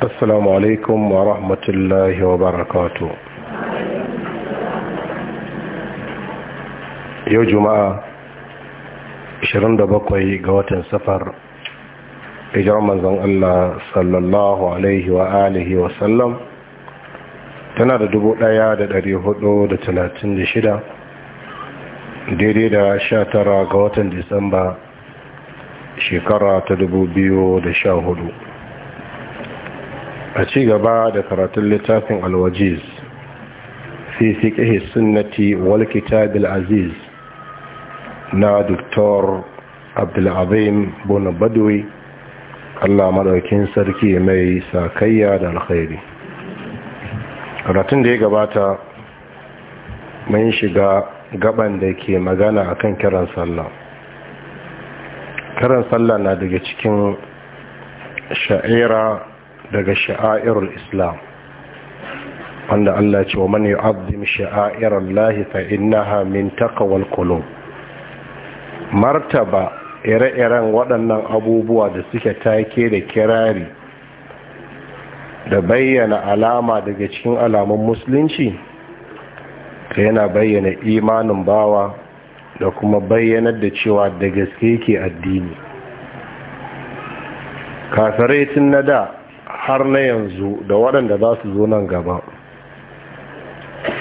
assalamu alaikum wa rahmatullahi wa barakatu yau juma'a 27 ga watan safar ijar manzon Allah sallallahu alaihi wa alihi wa sallam tana da da talatin shida, daidai da sha tara ga watan disamba shekara ta dubu biyu da sha hudu. a ci gaba da karatun littafin alwajiz fi fiƙihi sunnati wal kitabil aziz na doktor abdulazim bono badawi allah maɗaukin sarki mai sakayya da alkhairi karatun da ya gabata mai shiga gaban da ke magana a kan kiran sallah kiran sallah na daga cikin sha'ira daga sha'airul islam wanda Allah ce wa man yu'azzim sha'airul lahi fa innaha min takawal qulub martaba ire-iren waɗannan abubuwa da suke take da kirari da bayyana alama daga cikin alamun musulunci ka yana bayyana imanin bawa da kuma bayyanar da cewa da gaske ke addini kasarai tun na da har na yanzu da waɗanda za su zo nan gaba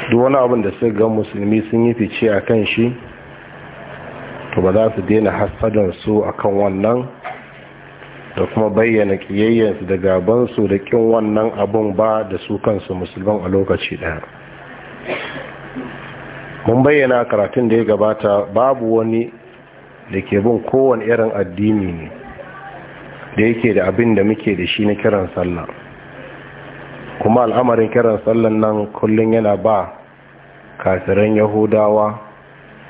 duk wani abin da suka ga musulmi sun yi fice a kan shi to ba za su daina hasadansu a kan wannan da kuma bayyana ƙiyayyansu da gabansu da ƙin wannan abin ba da su kansu musulman a lokaci ɗaya mun bayyana karatun da ya gabata babu wani da ke bin kowane irin addini ne da yake da abin da muke da shi na kiran sallah kuma al'amarin kiran sallan nan kullum yana ba kafiran yahudawa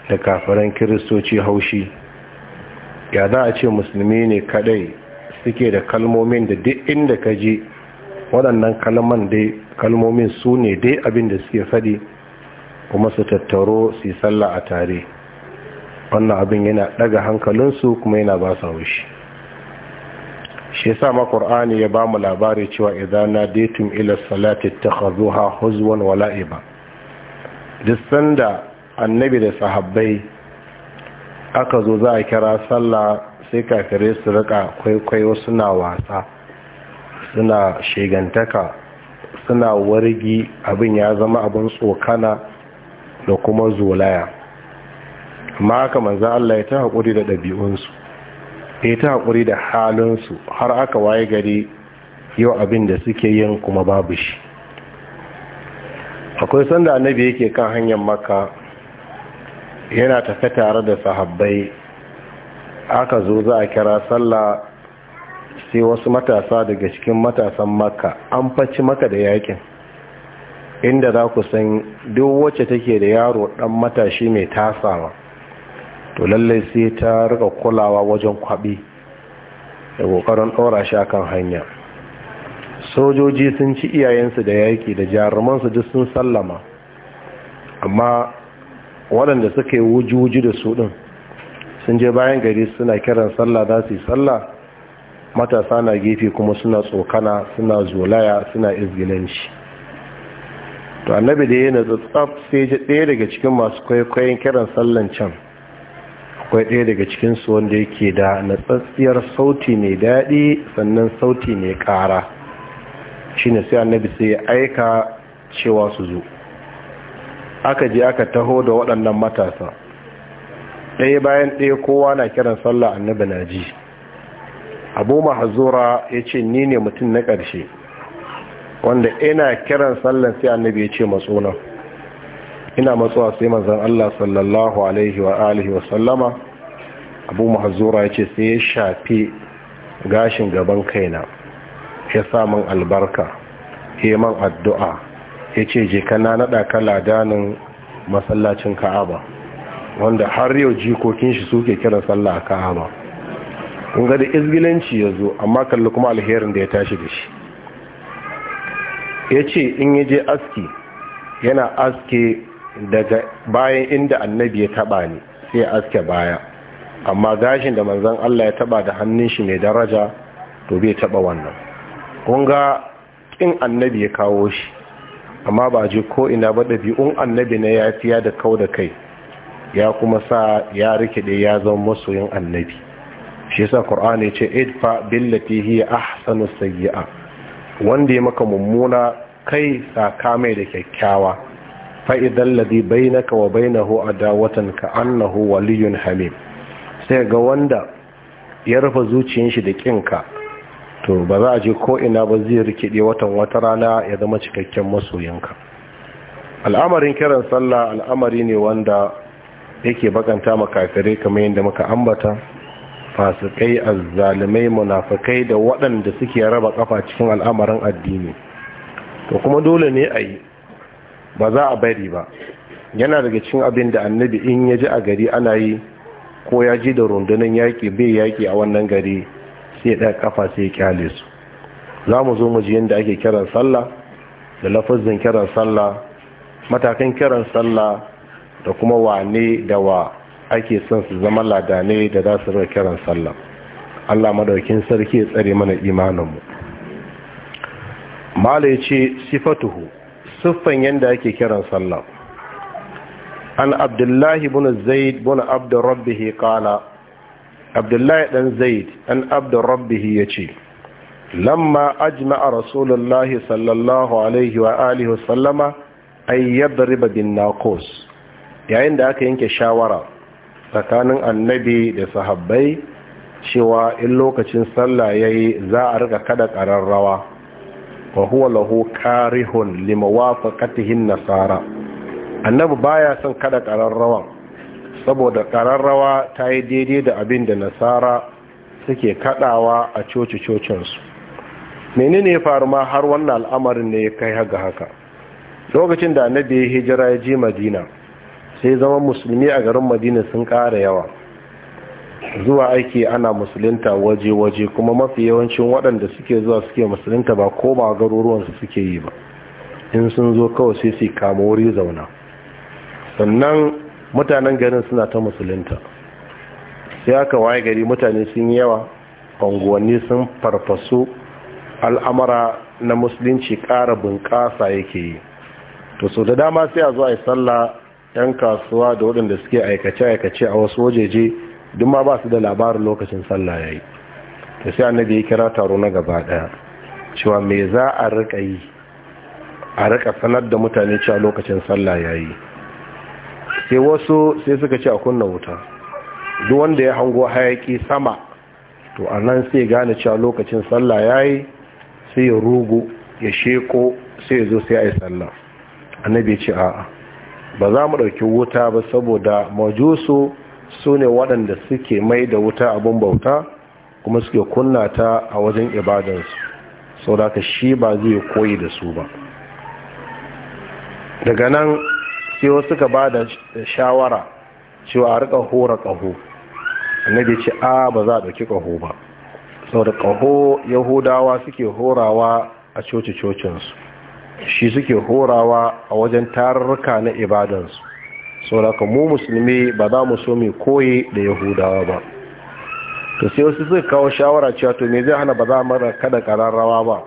da kafiran kiristoci haushi ya za a ce musulmi ne kadai suke da kalmomin da duk inda ka je waɗannan kalman dai kalmomin su ne dai abin da suke faɗi kuma su tattaro su yi sallah a tare wannan abin yana ɗaga hankalinsu kuma yana ba su haushi shi yasa ma qur'ani ya ba mu labari cewa na daitum ila salati takhazuha huzwan wa la'iba duk sanda annabi da sahabbai aka zo za a kira sallah sai kafirai su rika kwaikwayo suna wasa suna shegantaka suna wargi abin ya zama abin tsokana da kuma zolaya amma haka manzo Allah ya ta hakuri da ɗabi'unsu ya ta haƙuri da halinsu har aka waye gari yau abin da suke yin kuma babu shi akwai sanda annabi yake kan hanyar Makka yana tafe tare da sahabbai aka zo za a kira sallah sai wasu matasa daga cikin matasan Makka an faci maka da yakin inda za ku san duk wacce take da yaro dan matashi mai tasawa to lallai sai ta rika kulawa wajen kwaɓi da ƙoƙarin dora shi akan hanya sojoji sun ci iyayensu da yaƙi da jarumansu duk sun sallama amma waɗanda suka yi wuji da su ɗin sun je bayan gari suna kiran sallah za su yi sallah matasa na gefe kuma suna tsokana suna zolaya suna izgilanci to annabi da yana natsa tsaf sai ɗaya daga cikin masu kwaikwayon kiran sallan can akwai ɗaya daga cikinsu wanda yake da natsatsiyar sauti mai daɗi sannan sauti mai ƙara shi ne sai annabi sai ya aika cewa su zo aka je aka taho da waɗannan matasa ɗaya bayan ɗaya kowa na kiran sallah annabi na ji abu mahazura ya ce ni ne mutum na ƙarshe wanda ina kiran sallan sai annabi ya ce matsunan ina matsuwa sai manzan Allah sallallahu alaihi wa alihi wa sallama abu ya ce sai ya shafi gashin gaban kaina ya sa albarka ya man addu'a yace je kana kala ka ladanin masallacin Ka'aba wanda har yau jikokin shi suke kiran sallah a Ka'aba kun ga da izgilanci zo amma kalli kuma alherin da ya tashi da shi Ya ce in yaje aski yana aske daga bayan inda annabi ya taba ne sai aske baya amma gashin da manzon Allah ya taba da hannun shi mai daraja to bai taba wannan kun ga kin annabi ya kawo shi amma ba ji ko ina ba ɗabi'un annabi na yafiya da kau da kai ya kuma sa ya rike da ya zama masoyin annabi shi yasa qur'ani ce idfa billati hi ahsanu sayyi'a wanda ya maka mummuna kai saka mai da kyakkyawa fa'idan ladi bainaka wa bainahu adawatan ka annahu waliyun hamim sai ga wanda ya rufe zuciyar shi da kinka to ba za a je ko ina ba zai rikide watan wata rana ya zama cikakken masoyinka al'amarin kiran sallah al'amari ne wanda yake bakanta makafirai kamar yadda muka ambata fasikai azzalimai munafikai da waɗanda suke raba kafa cikin al'amarin addini to kuma dole ne a yi ba za a bari ba yana daga cin abin da annabi in ya ji a gari ana yi ko ya ji da rundunar yaƙi bai yaƙi a wannan gari sai ɗaya ƙafa sai kyale su za mu zo mu ji yadda ake kiran sallah da lafazin kiran sallah matakan kiran sallah da kuma wane da wa ake son su zama ladane da za su rika kiran sallah allah madaukin sarki ya tsare mana imaninmu mala ya ce sifatuhu siffan yadda ake kiran sallah an abdullahi bin zaid bin abdu rabbihi qala abdullahi dan zaid an abdu rabbihi yace lamma ajma rasulullahi sallallahu alaihi wa alihi sallama ay yadriba bin naqus yayin da aka yanke shawara tsakanin annabi da sahabbai cewa in lokacin sallah yayi za a rika kada ƙararrawa wa huwa lahu karihun limawafaqatihin nasara annabi baya son kada kararrawan saboda kararrawa ta yi daidai da abin da nasara suke kadawa a coci cocinsu menene ya faru ma har wannan al'amarin ne ya kai haga haka lokacin da annabi ya hijira ya je madina sai zama musulmi a garin madina sun ƙara yawa zuwa aiki ana musulunta waje-waje kuma mafi yawancin waɗanda suke zuwa suke musulunta ba ko ba garuruwansu suke yi ba in sun zo kawai sai su kama wuri zauna sannan mutanen garin suna ta musulunta sai aka waye gari mutane sun yi yawa unguwanni sun farfasu al'amara na musulunci ƙara bunƙasa yake yi to so da dama sai a zo a yi sallah 'yan kasuwa da waɗanda suke aikace-aikace a wasu wajeje duk ma ba su da labarin lokacin sallah yayi to sai annabi ya kira taro na gaba daya cewa me za a rika yi a rika sanar da mutane cewa lokacin sallah yayi sai wasu sai suka ce a kunna wuta duk wanda ya hango hayaki sama to anan nan sai gane cewa lokacin sallah yayi sai ya rugo ya sheko sai ya zo sai ayi sallah annabi ya ce a'a ba za mu dauki wuta ba saboda majusu su ne waɗanda suke mai da wuta abin bauta kuma suke kunna ta a wajen ibadansu sau da shi ba zai koyi da su ba daga nan sai wasu suka ba da shawara cewa a rika hora ƙaho annabi ce a ba za a ɗauki ƙaho ba sau da ƙaho yahudawa suke horawa a coci-cocinsu shi suke horawa a wajen tarurruka na ibadansu saboda mu musulmi ba za mu so mai koyi da yahudawa ba to sai wasu suka kawo shawara cewa to me zai hana ba za mara kada kararrawa ba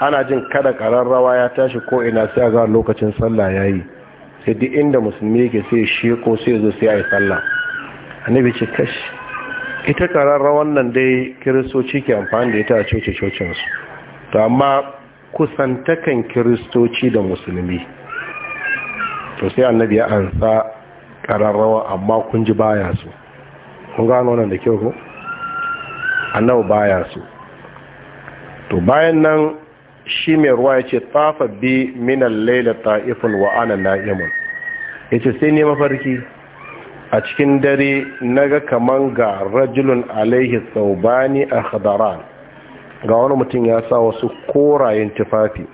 ana jin kada kararrawa ya tashi ko ina sai ga lokacin sallah yayi sai duk inda musulmi yake sai shi ko sai zo sai ayi sallah annabi ce kashi ita kararrawan nan dai kiristoci ke amfani da ita a coci su to amma kusantakan kiristoci da musulmi to sai annabi ya ansa kararrawa amma kun ji baya su kun gano nan da kyau ko annabi baya su to bayan nan shi mai ruwa ya ce tafa bi minan laila ta'ifun wa ana na'imun ya ce sai ne mafarki a cikin dare na ga kaman ga rajulun alaihi saubani a hadaran. ga wani mutum ya sa wasu korayen tufafi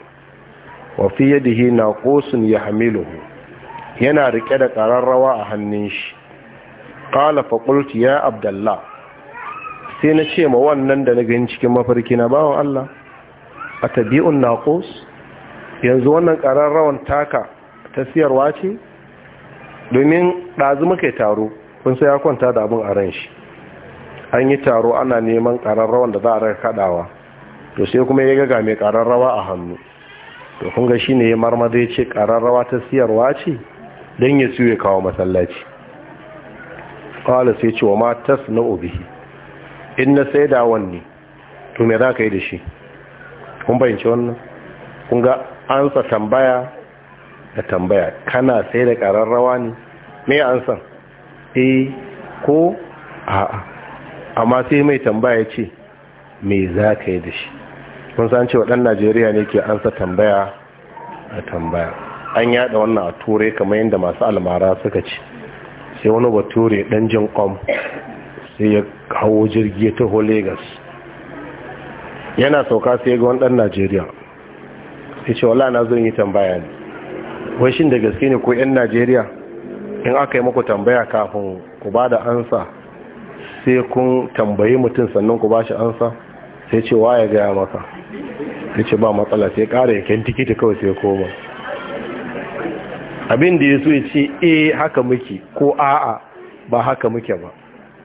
wa fiye da hina ƙosun ya hamiluhu yana rike da ƙararrawa a hannun shi ƙala faƙulti ya abdallah sai na ce ma wannan da na gani cikin mafarki na bawan Allah a tabi'un naƙos yanzu wannan ƙararrawan taka ta siyarwa ce domin ɗazu muka taro kun sai ya kwanta da abin a ran shi an yi taro ana neman ƙararrawan da za a raka kaɗawa to sai kuma ya gaga mai ƙararrawa a hannu to kun ga shi ne ya marmada ya ce ƙararrawa ta siyarwa ce don ya siyo ya kawo masallaci kawai sai ce wa ma tas na obihi in na sai da wanne to me za ka yi da shi kun bayanci wannan kun ga ansa tambaya da tambaya kana sai da ƙararrawa ne me ansa eh ko a'a amma sai mai tambaya ce me za ka yi da shi kun san ce waɗannan najeriya ne ke ansa tambaya a tambaya an yada wannan a Ture kamar yadda masu almara suka ce sai wani bature dan jin kwam sai ya kawo jirgi ya taho yana sauka sai ya ga wani dan najeriya sai ce wala na zan yi tambaya ne wai shi da gaske ne ko yan najeriya in aka yi muku tambaya kafin ku ba da ansa sai kun tambayi mutum sannan ku ba shi ansa sai ce wa ya gaya maka sai ce ba matsala sai kara yankin tikiti kawai sai koma abin da ya so ya ce e, haka muke ko a'a ba haka muke ba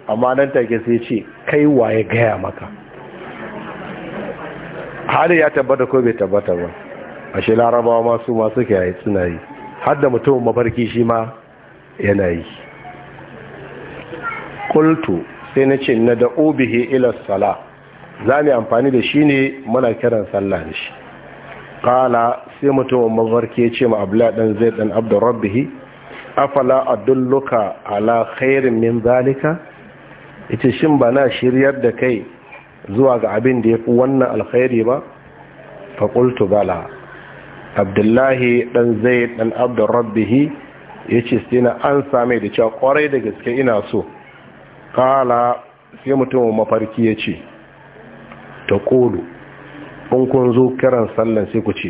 amma nan take sai ce kai waye gaya maka hali ya tabbata ko bai tabbata ba ashe larabawa masu masu kiyaye suna yi har da mutumin mafarki shi ma yana yi kultu sai na ce na da'o bihe ilar sala za mu amfani da shi ne muna kiran sallah da shi ƙala sai mutumin mafarki ya ce ma abla dan zai dan abdu rabbihi afala adulluka ala khairin min zalika ita shin ba na shiryar da kai zuwa ga abin da yafi wannan alkhairi ba fa qultu bala abdullahi dan zai dan abdu rabbihi yace sai na an same da cewa kwarai da gaske ina so kala sai mutumin mafarki yace ta kulu in kun zo kiran sallan sai ku ce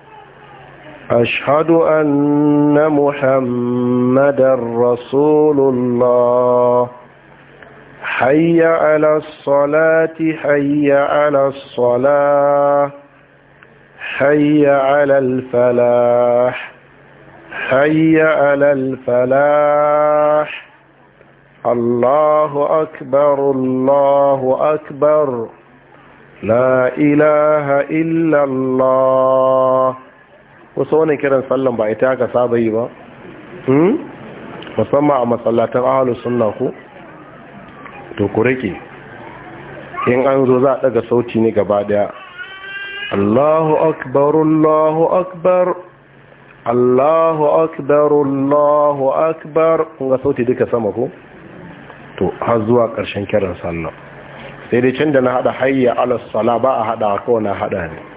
أشهد أن محمدا رسول الله حي على الصلاة حي على الصلاة حي على الفلاح حي على الفلاح الله أكبر الله أكبر لا إله إلا الله wasu wannan kiran sallan ba ita aka saba yi ba hmm? musamman a masallatan ahalus sunna ko to ku rike in an zo za a daga sauti ne gaba daya Allahu akbar Allahu akbar Allahu akbar Allahu akbar sauti duka sama ko to har zuwa ƙarshen kiran sallan sai dai can da na hada hayya ala sala ba a hada ko na hada ne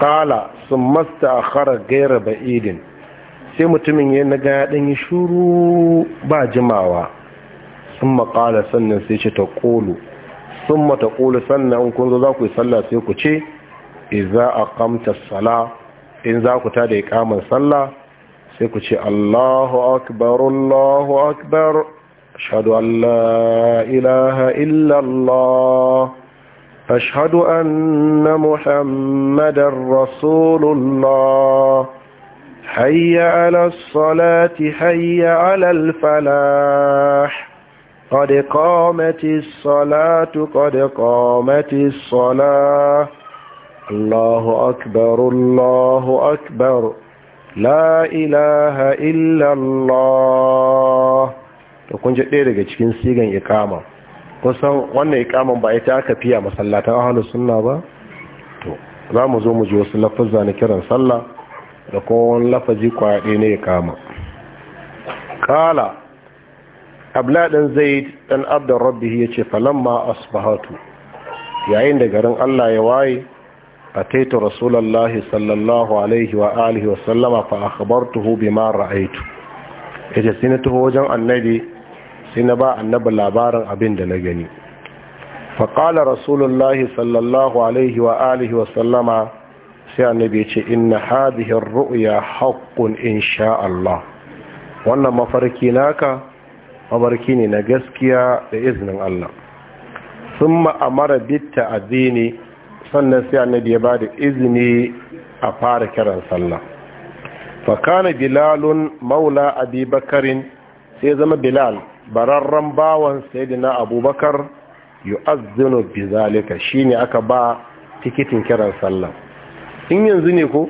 kala sun masta a kara gaira ba'idin sai mutumin ya naga ya ɗanyi shuru ba jimawa sun makala sannan sai ce ta kolo sun mata kolo sannan kun zo za ku yi sallah sai ku ce iza a kamta sala in za ku ta da ikamar sallah sai ku ce allahu akbar allahu akbar shaɗu allah ilaha illallah أشهد أن محمدا رسول الله حي على الصلاة حي على الفلاح قد قامت الصلاة قد قامت الصلاة الله أكبر الله أكبر لا إله إلا الله تكون جديدة كنسيغن إقامة kusan wannan ikaman ba ita aka fiya masallatan ahalus sunna ba to za mu zo mu ji wasu lafazza na kiran sallah da kuma lafazi kwaɗe ne ya kama kala abla ɗan zaid ɗan abdan rabbi ya ce falamma asbahatu yayin da garin allah ya waye a taita rasulallahi sallallahu alaihi wa alihi wasallama fa akhbartuhu bima ra'aitu Ya sai na wajen annabi sai na ba annabi labarin abin da na gani faƙala rasulullahi sallallahu alaihi wa alihi wa sallama sai annabi ce inna hadihin ru'ya haƙƙun insha Allah wannan mafarki naka mafarki ne na gaskiya da izinin Allah sun ma'amara bitta addini sannan sai annabi ya ba da izini a fara kiran sallah fakana bilalun maula abi bakarin sai zama bilal bararren bawan sayyidina abubakar yu'azzinu bi zalika shine aka ba tikitin kiran sallah in yanzu ne ko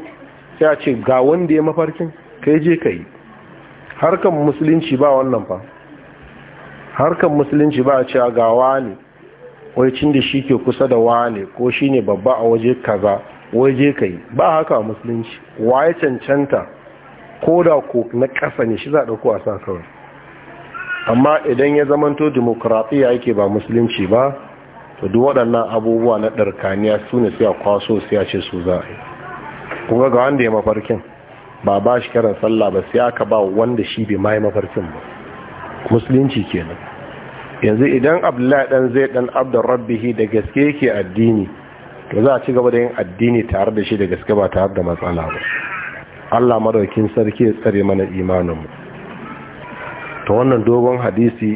sai a ce ga wanda ya mafarkin kai je kai harkan musulunci ba wannan fa harkan musulunci ba a ce ga wani wai cin da shi ke kusa da wani ko shine babba a waje kaza waje kai ba haka musulunci waye cancanta ko da ko na ƙasa ne shi za a ɗauko a sa kawai amma idan ya zamanto demokratiya yake ba musulunci ba to duk waɗannan abubuwa na ɗarkaniya su ne sai a kwaso sai ce su za a yi kuma ga wanda ya mafarkin ba ba shi karan sallah ba sai aka ba wanda shi bai ma mafarkin ba musulunci kenan yanzu idan abdullahi dan zai dan abdar rabbihi da gaske yake addini to za a ci gaba da yin addini tare da shi da gaske ba tare da matsala ba Allah madaukin sarki ya tsare mana imanin mu ta wannan dogon hadisi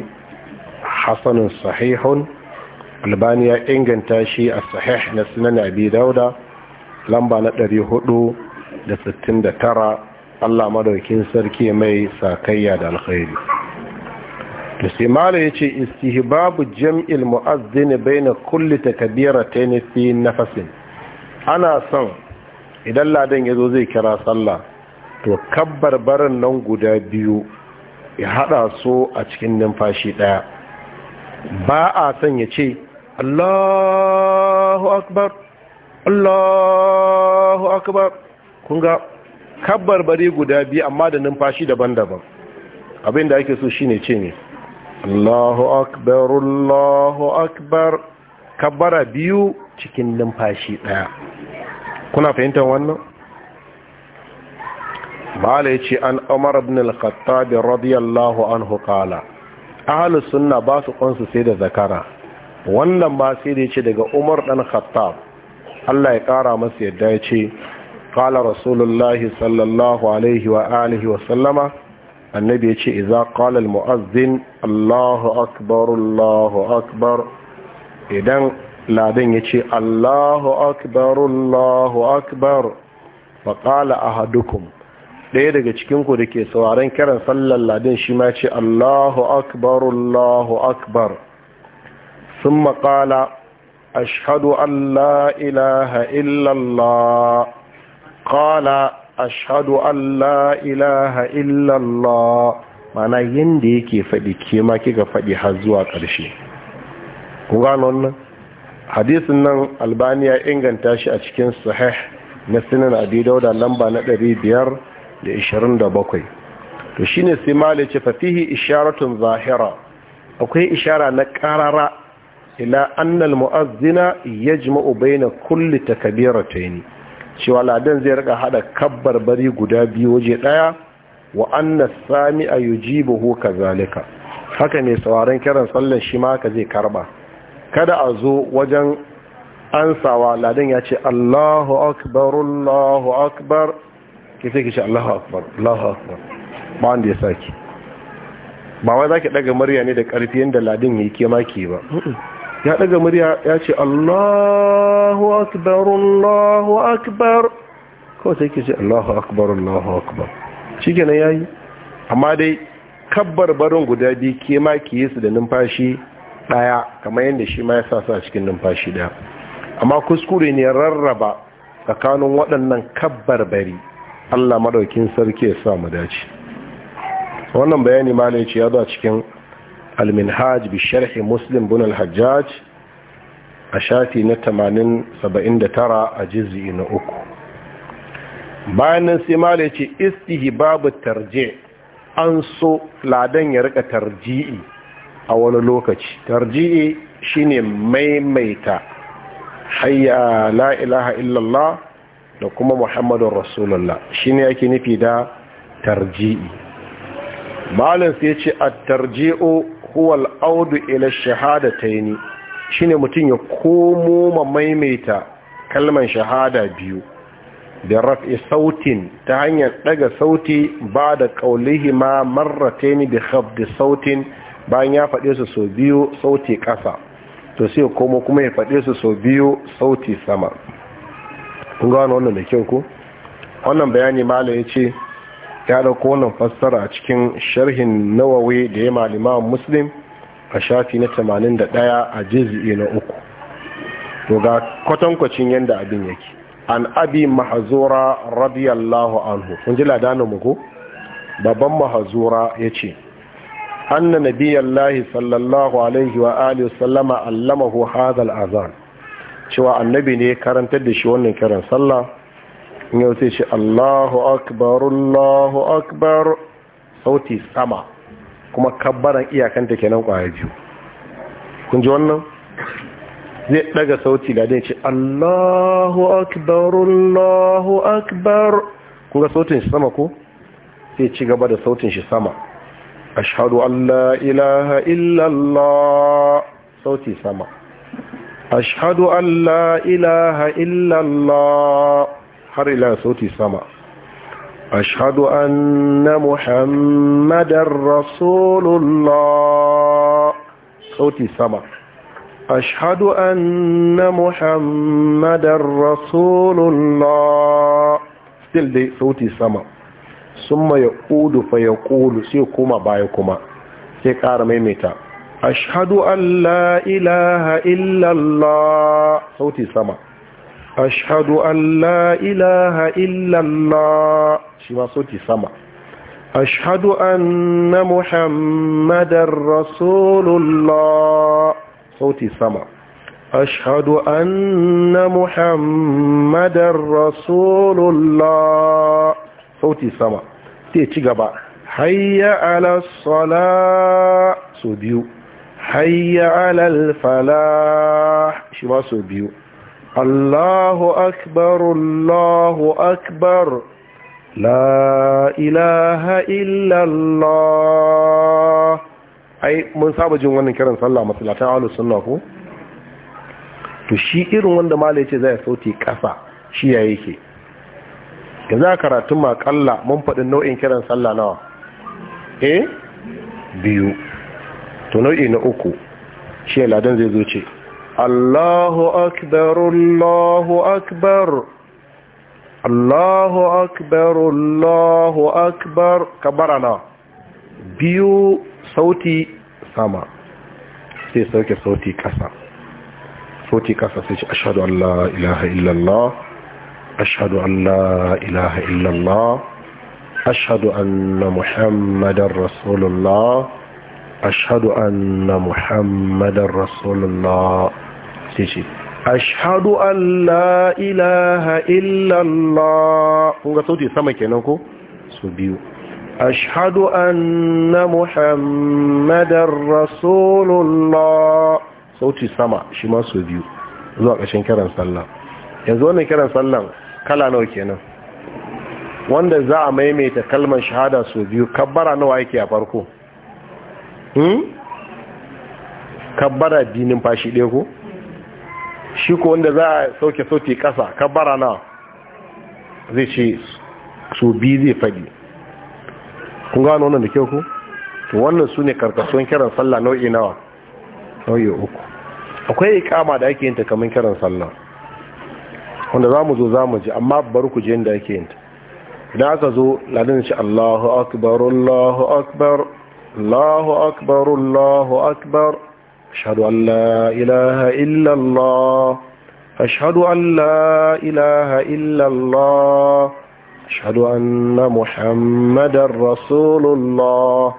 hasanun sahihun albani ya inganta shi a sahih na sunan abi dauda lamba na 469 allah madaukin sarki mai sakayya da alkhairi to sai mala ya ce istihbabu jam'il mu'azzini baina kulli takbiratayn na nafasin ana son idan ladan zo zai kira sallah to kabbar barin nan guda biyu ya hada su a cikin numfashi daya ba a son ya ce Allahu akbar Allahu akbar kun ga bari guda biyu amma da numfashi daban-daban abin da ake so shine ce ne Allahu akbar Allahu akbar kabbara biyu cikin numfashi daya kuna fahimtar wannan mala ce an umar ibn al-khattab radiyallahu anhu qala ahli sunna ba su kansu sai da zakara wannan ba sai da yace daga umar dan khattab Allah ya kara masa yadda yace qala rasulullahi sallallahu alaihi wa alihi wa sallama annabi yace idza qala al-muazzin Allahu akbar Allahu akbar idan ladan yace Allahu akbar Allahu akbar fa qala ahadukum ɗaya daga cikinku da ke sauraron kiran sallar ladin shi ma ce allahu akbar allahu akbar sun maƙala ashadu Allah ilaha illallah ƙala ashadu Allah ilaha illallah mana yadda yake faɗi ke ma kika faɗi har zuwa ƙarshe ku gano wannan hadisin nan albaniya inganta shi a cikin sahih na sinan abidau da lamba na ɗari biyar. da 27 to shine sai malai ce fa fihi isharatun zahira akwai ishara na karara ila annal mu'azzina yajma'u baina kulli takbiratayn cewa ladan zai rika hada kabbar bari guda biyu waje daya wa anna sami'a yujibuhu kazalika haka ne sauraron kiran sallar shi ma ka zai karba kada a zo wajen ansawa ladan ya ce Allahu akbar Allahu akbar ke sai ki ce Allahu akbar Allahu akbar ba wanda ya saki ba wai zaki daga murya ne da karfi yanda ladin yake kema ki ke ba ya daga murya ya ce Allahu akbar Allahu akbar ko sai ki ce Allahu akbar Allahu akbar shikenan yayi amma dai kabbar barin guda biyu ke ma ki yi su da numfashi daya kamar yadda shi ma ya sa sa cikin numfashi daya amma kuskure ne rarraba tsakanin waɗannan kabbar bari Allah madaukin sarki ya sa mu dace wannan bayani ma ne ya zo cikin al-minhaj bi sharhi muslim bin al a shafi na 8079 a juz'i na uku bayan nan sai malai ce babu tarje an so ladan ya rika tarji'i a wani lokaci tarji'i shine maimaita hayya la ilaha illallah da kuma muhammadun rasulullah shi ne yake nufi da tarji'i malin sai ce a tarji'o huwal audu ila shahada ta yi shi ne mutum ya komo ma maimaita kalman shahada biyu da raf'i sautin ta hanyar daga sauti ba da kaulihi ma yi ni da khafdi sautin bayan ya faɗe su sau biyu sauti ƙasa to sai komo kuma ya faɗe su sau biyu sauti sama kun gano wannan da kyau ko wannan bayani malam ya ce ya ɗauko wannan fassara a cikin sharhin nawawi da ya malima muslim a shafi na tamanin da ɗaya a jizi'i na uku to ga kwatankwacin yadda abin yake an abi mahazura radiyallahu anhu kun ji ladanin mu ko babban mahazura ya ce anna nabiyallahi sallallahu alaihi wa alihi sallama allamahu hadha al-azan cewa annabi ne karantar da shi wannan kiran sallah yau sai shi Allahu akbar Allahu akbar sauti sama kuma kabbaran iyakanta kenan kwaya biyu kun ji wannan zai daga sauti da dai ce Allahu akbar Allahu akbar kuma sautin shi sama ko sai ci gaba da sautin shi sama ashhadu an la ilaha illallah sauti sama أشهد أن لا إله إلا الله har ila sauti sama ashhadu anna muhammadar rasulullah sauti sama ashhadu anna muhammadar rasulullah still dai sauti sama summa yaqudu fa yaqulu sai kuma baya kuma sai ƙara maimaita Ashadu an la ilaha illallah sauti sama. Ashadu an la ilaha illallah sauti sama. Ashadu anna Muhammadar Rasulullah sauti sauti sama. Te ci gaba. Hayya ala sola su biyu. hayya alal falah shi ba so biyu Allahu akbar Allahu akbar la ilaha illallah ai mun saba jin wannan kiran sallah masallatan ahlus sunna ko to shi irin wanda malai ce zai sauti kasa shi ya yake yanzu karatu karatun makalla mun faɗin nau'in kiran sallah nawa eh biyu to nau'i na uku shi ladan zai zo ce Allahu akbar Allahu akbar Allahu akbar Allahu akbar kabara na biyu sauti sama sai sauke sauti kasa sauti kasa sai ce ashadu allah ilaha illallah ashadu allah ilaha illallah ashadu anna muhammadar rasulullah ashhadu anna muhammadan rasulullah sai ce ashhadu an la ilaha illallah kun ga sauti sama kenan ko su biyu ashhadu anna muhammadan rasulullah sauti sama shi ma su biyu zuwa ƙashin kiran sallah yanzu wannan kiran sallan kala nawa kenan wanda za a maimaita kalmar shahada su biyu kabbara nawa yake a farko Hmm? kabbara biyu numfashi ɗaya ko shi ko wanda za a sauke sauti ƙasa kabbara na zai ce su biyu zai faɗi kun gano wannan da kyau ko to wannan su ne karkasuwan kiran sallah nau'i nawa nau'i uku akwai ikama da ake yinta kamar kiran sallah wanda za mu zo za mu ji amma bar ku je yadda ake yinta idan aka zo ladin shi Allahu akbar Allahu akbar الله أكبر الله أكبر أشهد أن لا إله إلا الله أشهد أن لا إله إلا الله أشهد أن محمدا رسول الله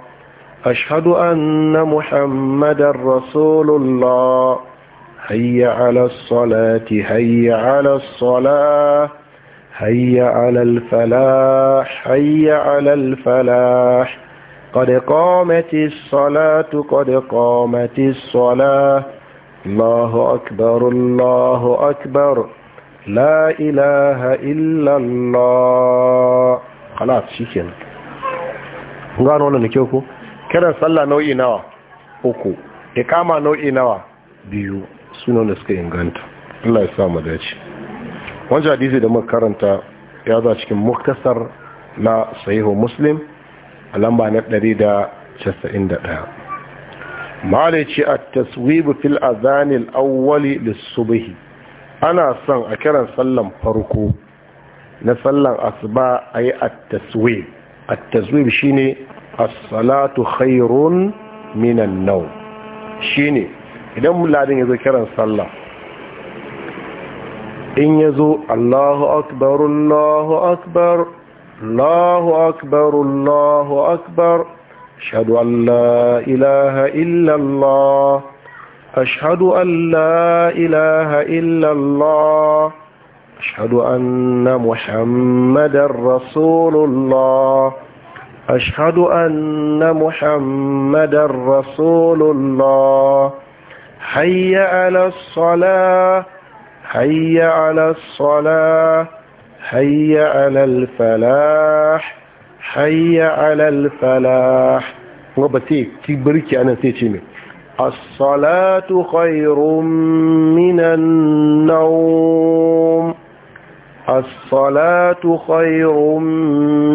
أشهد أن محمدا رسول الله هيا على الصلاة هيا على الصلاة هيا على الفلاح هيا على الفلاح قد قامت الصلاة قد قامت الصلاة الله أكبر الله أكبر لا إله إلا الله خلاص شكرا gano wannan da kyau ko kiran sallah nau'i nawa uku ikama nau'i nawa biyu sunan da suka inganta Allah ya sa mu dace wannan hadisi da muka karanta ya za cikin muktasar na sahihu muslim a lamba na 191 malici a taswibu fil azanil awwali lissubihi ana son a kiran sallan farko na sallan asuba a yi a taswib a taswib shi ne salatu khairun minan nau Shi ne idan muladin ya zo kiran sallah in ya zo allahu akbar allahu akbar الله أكبر الله أكبر أشهد أن لا إله إلا الله أشهد أن لا إله إلا الله أشهد أن محمدا رسول الله أشهد أن محمدا رسول الله حي على الصلاة حي على الصلاة حي على الفلاح حي على الفلاح وبتي كبرك أنا سيتشمي الصلاة خير من النوم الصلاة خير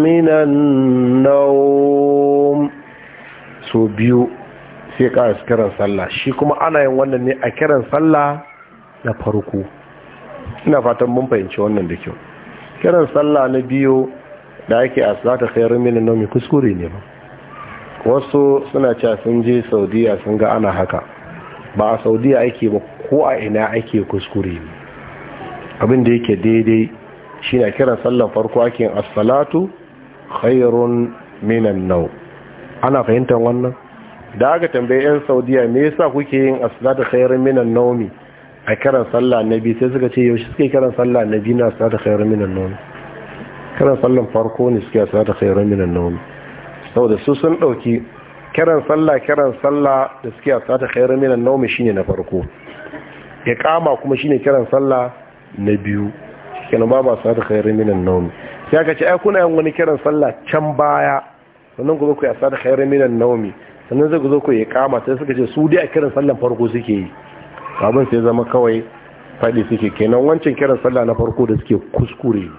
من النوم so biyu sai ƙara kiran sallah shi kuma ana yin wannan ne a kiran sallah na farko ina fatan mun fahimci wannan da kyau kiran sallah na biyu da ake a salata khairu min nomi kuskure ne ba wasu suna cewa sun je saudiya sun ga ana haka ba a saudiya ake ba ko a ina ake kuskure ne abin da yake daidai shi na kiran sallar farko ake yin as-salatu khairun minan nau ana fahimtar wannan da aka tambaye yan saudiya me yasa kuke yin as-salatu khairun minan naumi a karan sallah na biyu sai suka ce yaushe suke karan sallah na biyu na sa ta khairu minan nawm karan sallan farko ne suke sa ta khairu minan nawm saboda su sun dauki karan sallah karan sallah da suke sa ta khairu minan nawm shine na farko ya kama kuma shine karan sallah na biyu kenan ba ba sa ta khairu minan nawm sai aka ce ai kuna yin wani karan sallah can baya sannan ku zo ku yi asar khairu minan nawmi sannan zai ku zo ku yi kama sai suka ce su dai a karan sallan farko suke yi abin sai zama kawai faɗi suke kenan wancan kiran sallah na farko da suke kuskure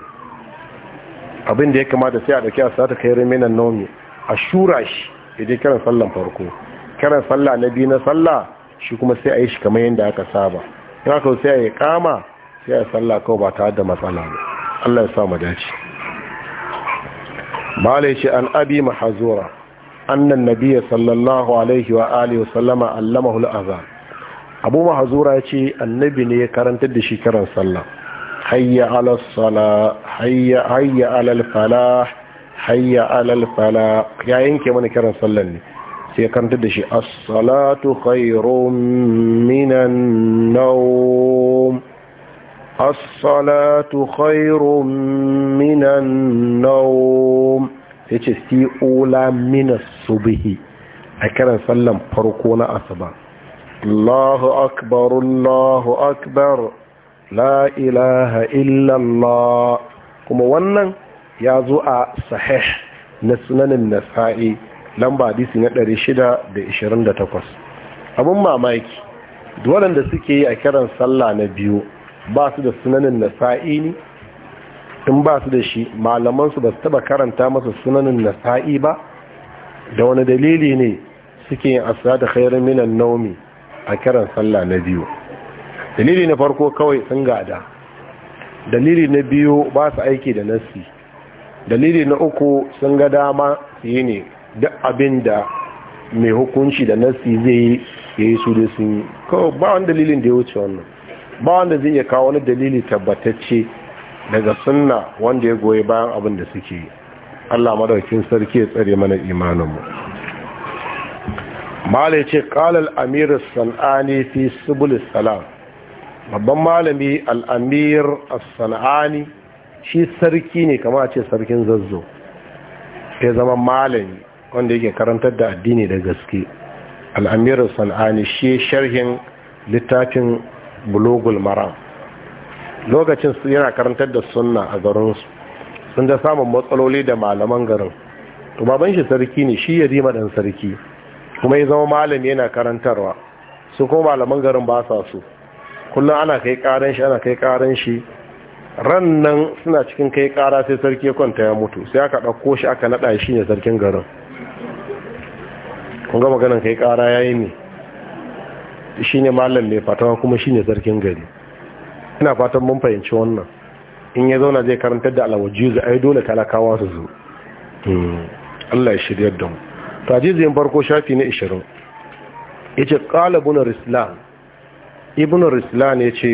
abin da ya kamata sai a ɗauki a sata kai raminan nomi a shura shi idan kiran sallan farko kiran sallah na biyu na sallah shi kuma sai a yi shi kamar yadda aka saba ya aka sai a yi kama sai a sallah kawai ba tare da matsala ba Allah ya sa mu dace malai shi an abi mahazura annan nabiyya sallallahu alaihi wa alihi wa sallama allamahu al-azan abu mahazura ce annabi ne ya karantar da shi sallah hayya alal sala hayya hayya alal falah hayya alal falah ya yanke mana kiran sallah ne sai ya karantar da shi as-salatu khairun minan nawm as-salatu khairun minan nawm yace si'ula minas subhi a kiran sallan farko na asuba الله أكبر الله أكبر لا إله إلا الله كما ونن يازوء صحيح نسنن النسائي lamba hadisi na 628 abun mamaki duwanan da suke yi a kiran sallah na biyu ba su da sunanin nasa'i ne in ba su da shi malamansu ba su taɓa karanta masa sunanin nasa'i ba da wani dalili ne suke yin da khairun minan naumi a kiran sallah na biyu dalili na farko kawai sun gada dalili na biyu ba su aiki da nasi dalili na uku sun ga dama su yi ne duk abin da mai hukunci da nasi zai yi ya yi su da sun yi kawai ba wani dalilin da ya wuce wannan ba wanda zai iya kawo wani dalili tabbatacce daga sunna wanda ya goyi bayan abin da suke yi Allah madaukin sarki ya tsare mana imaninmu malai ce kalal amir san'ani fi subul salam babban malami al'amir san'ani shi sarki ne kama ce sarkin zazzo ya zama malami wanda yake karantar da addini da gaske al'amir san'ani shi sharhin littafin bulogul maram lokacin yana karantar da sunna a garinsu sun da samun matsaloli da malaman garin to baban shi sarki ne shi ya rima dan sarki kuma ya zama malam yana karantarwa su kuma malaman garin ba sa su kullum ana kai karan shi ana kai karan shi ran nan suna cikin kai kara sai sarki ya kwanta ya mutu sai aka ɗauko shi aka naɗa shi ne sarkin garin kun ga maganin kai kara ya yi ne shi ne malam mai fatawa kuma shi ne sarkin gari ina fatan mun fahimci wannan in ya zauna zai karantar da alawajizu ai dole talakawa su zo hmm. Allah ya shirya da mu tajizin farko shafi na 20 yace qala ibn rislan ibn rislan yace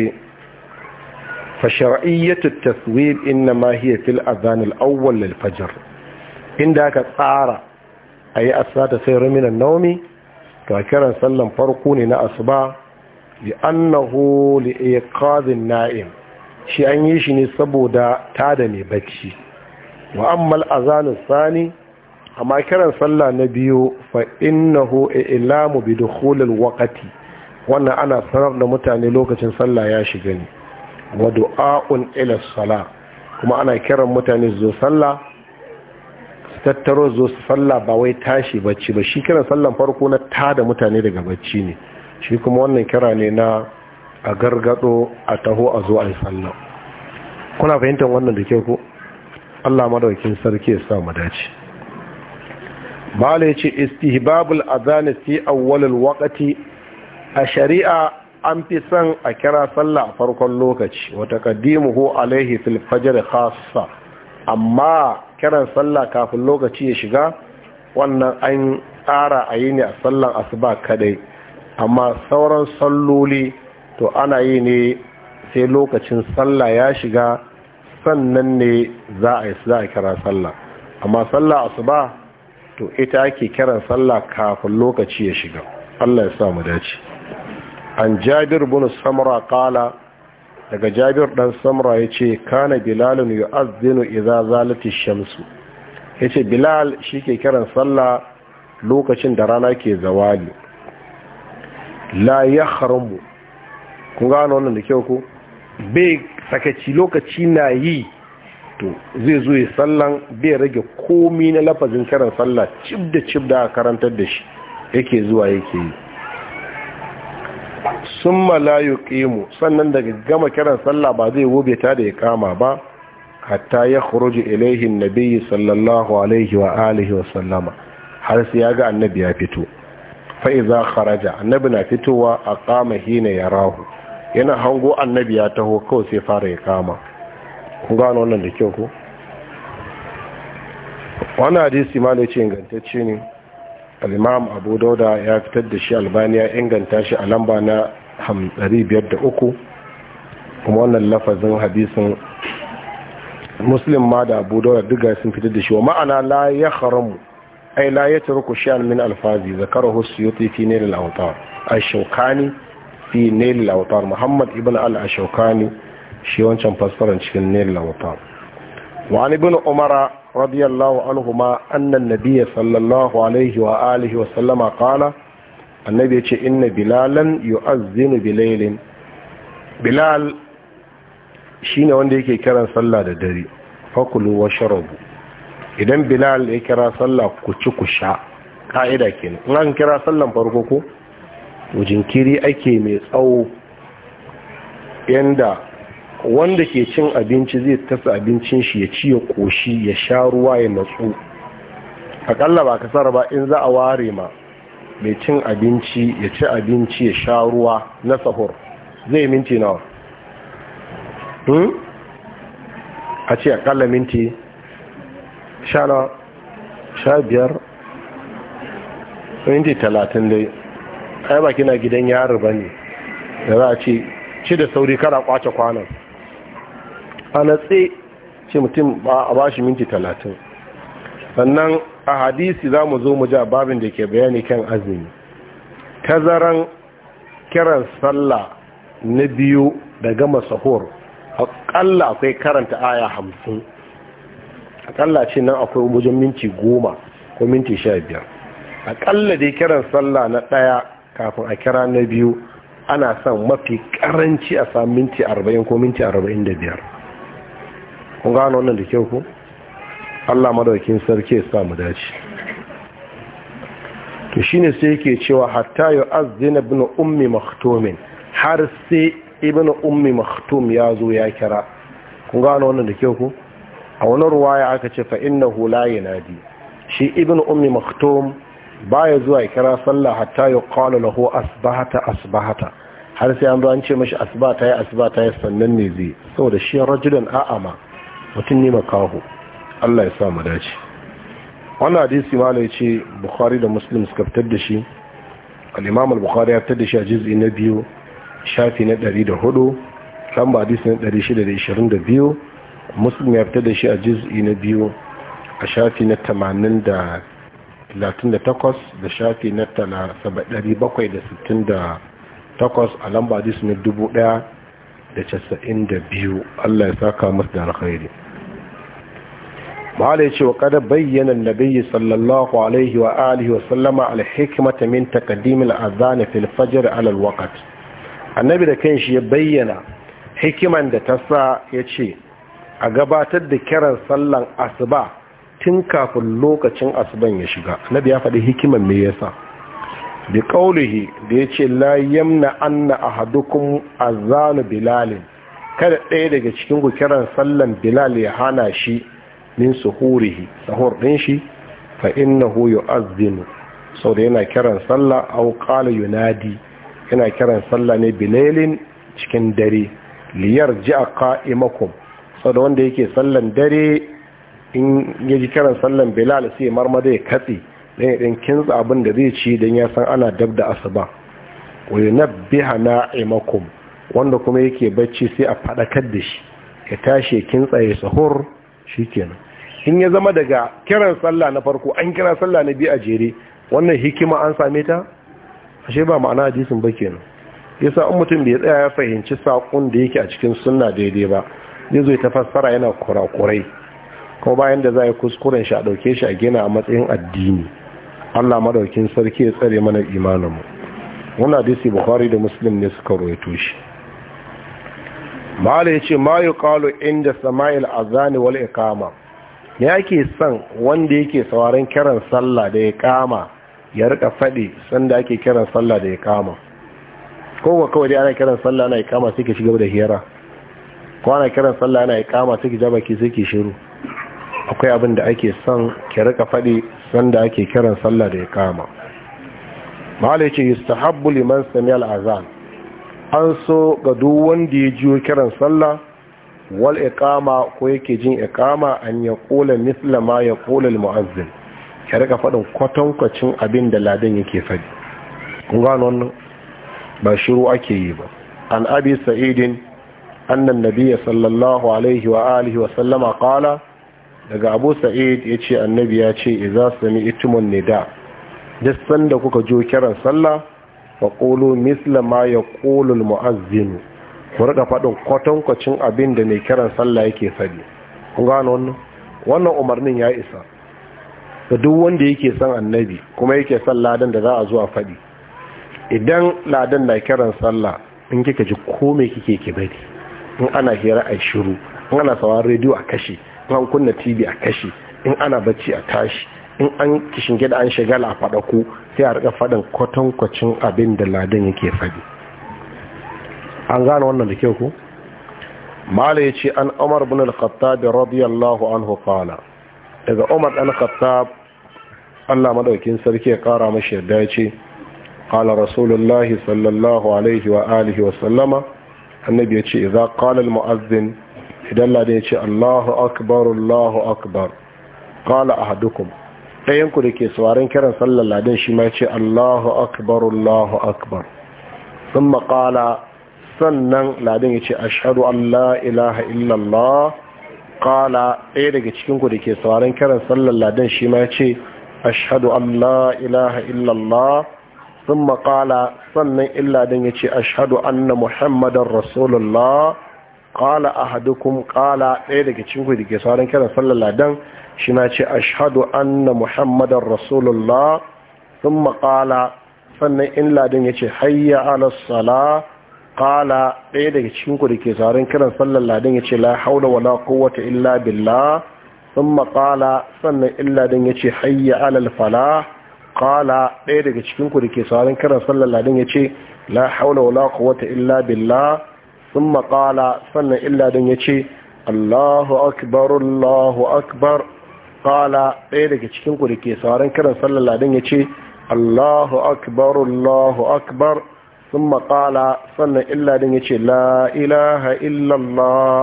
fa shar'iyyatu at-taswib ma hiya fil adhan al-awwal lil fajr inda aka tsara ayi asata sai ruminan naumi to kiran sallan farko ne na asuba li annahu li iqadhin na'im shi an yi shi ne saboda tada mai bacci wa amma al sani amma kiran sallah na biyu fa innahu ilamu bi dukhulil waqti wannan ana sanar da mutane lokacin sallah ya shiga ne wa du'a'un ila kuma ana kiran mutane zo sallah tattaro zo sallah ba wai tashi bacci ba shi kiran sallan farko na tada mutane daga bacci ne shi kuma wannan kira ne na a gargado a taho a zo a yi sallah kuna fahimtar wannan da ke ku Allah madaukin sarki ya sa mu dace ya ce istihbabul azani fi awwal alwaqti a shari'a an fi son a kira sallah a farkon lokaci wa taqaddimuhu alaihi fil fajr amma kiran sallah kafin lokaci ya shiga wannan an tsara a yi ne a sallan asuba kadai amma sauran salloli to ana yi ne sai lokacin sallah ya shiga sannan ne za a yi za a kira sallah amma sallah asuba to ita ake kiran sallah kafin lokaci ya shiga Allah ya sa mu dace an jabir bin samra qala daga jabir dan samra yace kana bilal yu'adhdhinu idza zalati shamsu yace bilal shi ke kiran sallah lokacin da rana ke zawali la yahrumu kun gano wannan da kyau ko bai sakaci lokaci na yi to zai zo ya sallan bai rage komi na lafazin karan sallah cib da cib da karantar da shi yake zuwa yake yi sun malayu ƙimu sannan daga gama kiran sallah ba zai wobe ta da ya kama ba hatta ya kuroji ilaihin nabiyyi sallallahu alaihi wa alihi wa sallama har sai ya ga annabi ya fito fa'iza kharaja annabi na fitowa a kama hina ya rahu yana hango annabi ya taho kawai sai fara ya kama Ku gano wannan da kyau ko wani hadisi ma ne ce ingantacce ne al'imam abu dauda ya fitar da shi albaniya inganta shi a lamba na 503 kuma wannan lafazin hadisin muslim ma da abu dauda duka sun fitar da shi wa ma'ana la ya haramu ai la ya turku shi min alfazi zakara ya fi nailil lautar a shaukani fi nailil lautar muhammad ibn al-ashaukani shi wancan fasfaran cikin nil lawata wa an ibn umara radiyallahu anhuma annan an-nabiy sallallahu alaihi wa alihi wa sallama qala annabi yace inna bilalan yu'azzinu bilailin bilal shine wanda yake kiran sallah da dare fakulu wa sharabu idan bilal ya kira sallah ku ci ku sha ka'ida kenan in an kira sallan farko ko to jinkiri ake mai tsawo yanda wanda ke cin abinci zai tasa abincin shi ya ci ya koshi ya sha ruwa ya natsu akalla ba kasar ba in za a ware ma mai cin abinci ya ci abinci ya sha ruwa na sahur zai minti nawa hmm? a ce akalla minti sha nawa sha biyar minti talatin dai ai ba kina gidan yaro ba ne da za a ce ci da sauri kada kwace kwanan a natse ce mutum ba a bashi minti talatin sannan a hadisi za mu zo mu ja babin da ke bayani kan azumi tazaran kiran sallah na biyu da gama sahur aƙalla akwai karanta aya hamsin aƙalla ce nan akwai wajen minti goma ko minti sha biyar aƙalla dai kiran sallah na ɗaya kafin a kira na biyu ana son mafi ƙaranci a samun minti arba'in ko minti arba'in da biyar kun gano wannan da kyau ku Allah madaukin sarki ya sa dace to shine sai yake cewa hatta yu'azzina ibn ummi maktumin har sai ibn ummi maktum ya zo ya kira kun gano wannan da kyau ku a wani ruwaya aka ce fa innahu la yanadi shi ibn ummi ba baya zuwa ya kira sallah hatta na, lahu asbahata asbahata har sai an zo an ce mashi asbata ya asbata ya sannan ne zai saboda shi rajulan a'ama mutum ne makahu Allah ya sa mu dace wannan hadisi ma ya ce bukhari da muslim suka fitar da shi al-imam al-bukhari ya fitar da shi a juz'i na biyu shafi na 104 lamba hadisi na 622 muslim ya fitar da shi a juz'i na biyu a shafi na 80 da 38 da shafi na 768 a lamba hadisi na 1000 da casa'in da biyu Allah ya saka masu da alkhairi malai ya ce wa kada bayyana nabi sallallahu alaihi wa alihi wa sallama alhikmata min taqdimil azan fil fajr ala alwaqt annabi da kanshi ya bayyana hikiman da ta sa ya a gabatar da kiran sallan asuba tun kafin lokacin asuban ya shiga annabi ya faɗi hikiman me yasa bi qaulihi da yace la yamna anna ahadukum azanu bilalin kada ɗaya daga cikin ku kiran sallan bilal ya hana shi min suhurihi sahur din shi fa innahu yu'azzinu da yana kiran sallah aw qala yunadi yana kiran sallah ne bilailin cikin dare liyar ji'a qa'imakum da wanda yake sallan dare in yaji kiran sallan bilal sai marmada ya katse dan ya dan abin da zai ci dan ya san ana dab da asuba wa yunabbiha na'imakum wanda kuma yake bacci sai a fadakar da shi ya tashi ya kintsaye sahur shikenan in ya zama daga kiran sallah na farko an kira sallah na biyu a jere wannan hikima an same ta ashe ba ma'ana hadisin ba kenan yasa in mutum bai tsaya ya fahimci sakon da yake a cikin sunna daidai ba zai zo ta fassara yana kurakurai ko bayan da za yi kuskuren shi a ɗauke shi a gina a matsayin addini allah madaukin sarki ya tsare mana imanin mu wannan hadisi bukhari da muslim ne suka rawaito shi mala ya ce ma yi kalu inda sama'il azani wal ikama ya ke son wanda yake sauraron kiran sallah da ya kama ya rika faɗi sanda ake kiran sallah da ya kama kowa kawai dai ana kiran sallah ana ikama suke shiga da hira ko ana kiran sallah ana ikama suke jaba ki suke shiru akwai abin da ake son ki rika faɗi sanda ake kiran sallah da kama mala ya ce yustahabbu liman sami al azan an so ga duk wanda ya jiyo kiran sallah wal iqama ko yake jin iqama an ya kula misla ma ya kula al muazzin ya rika faɗin kwatankwacin abin da ladan yake faɗi kun ga wannan ba shiru ake yi ba an abi sa'idin annan nabiyya sallallahu alaihi wa alihi wa sallama qala daga abu sa'id yace annabi ya ce idza sami'tumun nida duk sanda kuka jo kiran sallah fa misla ma yaqulu al muazzin mu rika faɗin kwatankwacin abin da mai kiran sallah yake faɗi kun gano wannan wannan umarnin ya isa ga duk wanda yake son annabi kuma yake son ladan da za a zuwa a faɗi idan ladan na kiran sallah in kika ji komai kike ki bari in ana hira a shiru in ana sawar rediyo a kashe in an kunna tv a kashe in ana bacci a tashi in an kishinge da an shigala a ku sai a rika faɗin kwatankwacin abin da ladan yake fadi an gane wannan da kyau ku mala ya ce an umar bin al-khattab radiyallahu anhu qala daga umar dan khattab Allah madaukin sarki ya kara mashi yadda ya ce qala rasulullahi sallallahu alaihi wa alihi wa sallama annabi ya ce idza qala al-mu'azzin idan ladan ya ce Allahu akbar Allahu akbar qala ahadukum ɗayanku da ke sauraron kiran sallar ladin shi ma ce Allahu akbar Allahu akbar sun maƙala sannan ladin ya ce ashadu Allah ilaha illallah ƙala ɗaya daga cikinku da ke sauraron kiran sallar ladin shi ma ce ashadu Allah ilaha illallah sun maƙala sannan illadan ya ce ashadu anna muhammadan rasulullah ƙala ahadukum ƙala ɗaya daga cikinku da ke sauraron kiran sallar ladin shi na ce ashadu anna muhammadan rasulullah sun maƙala sannan in ladin ya ce hayya alasala ƙala ɗaya daga cikinku da ke tsarin kiran sallar ladin ya ce la haula wala kowata illa billah sun maƙala sannan in ladin ya ce hayya alalfala ƙala ɗaya daga cikinku da ke tsarin kiran sallar ladin ya ce la haula wala kowata illa billah sun maƙala sannan in ladin ya ce Allahu akbar Allahu akbar qala ɗaya daga cikin ku ke sauran kiran sallar ya ce Allahu akbar Allahu akbar thumma qala sannan illa din yace la ilaha illa Allah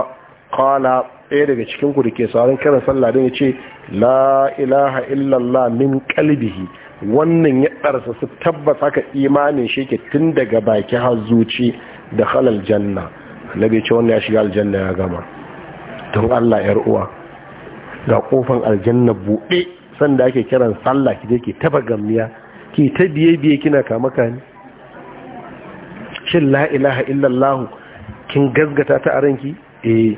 qala ɗaya daga cikin ku ke sauran kiran sallar ladan yace la ilaha illa Allah min qalbihi wannan ya ɗarsa su tabbas haka imanin shi ke tun daga baki har zuci da halal janna annabi ce wannan ya shiga aljanna ya gama don Allah yar uwa ga kofan aljanna buɗe sanda ake kiran sallah ki je ki taba gammiya ki ta biye biye kina kama kani shin la ilaha illallah kin gazgata ta aranki eh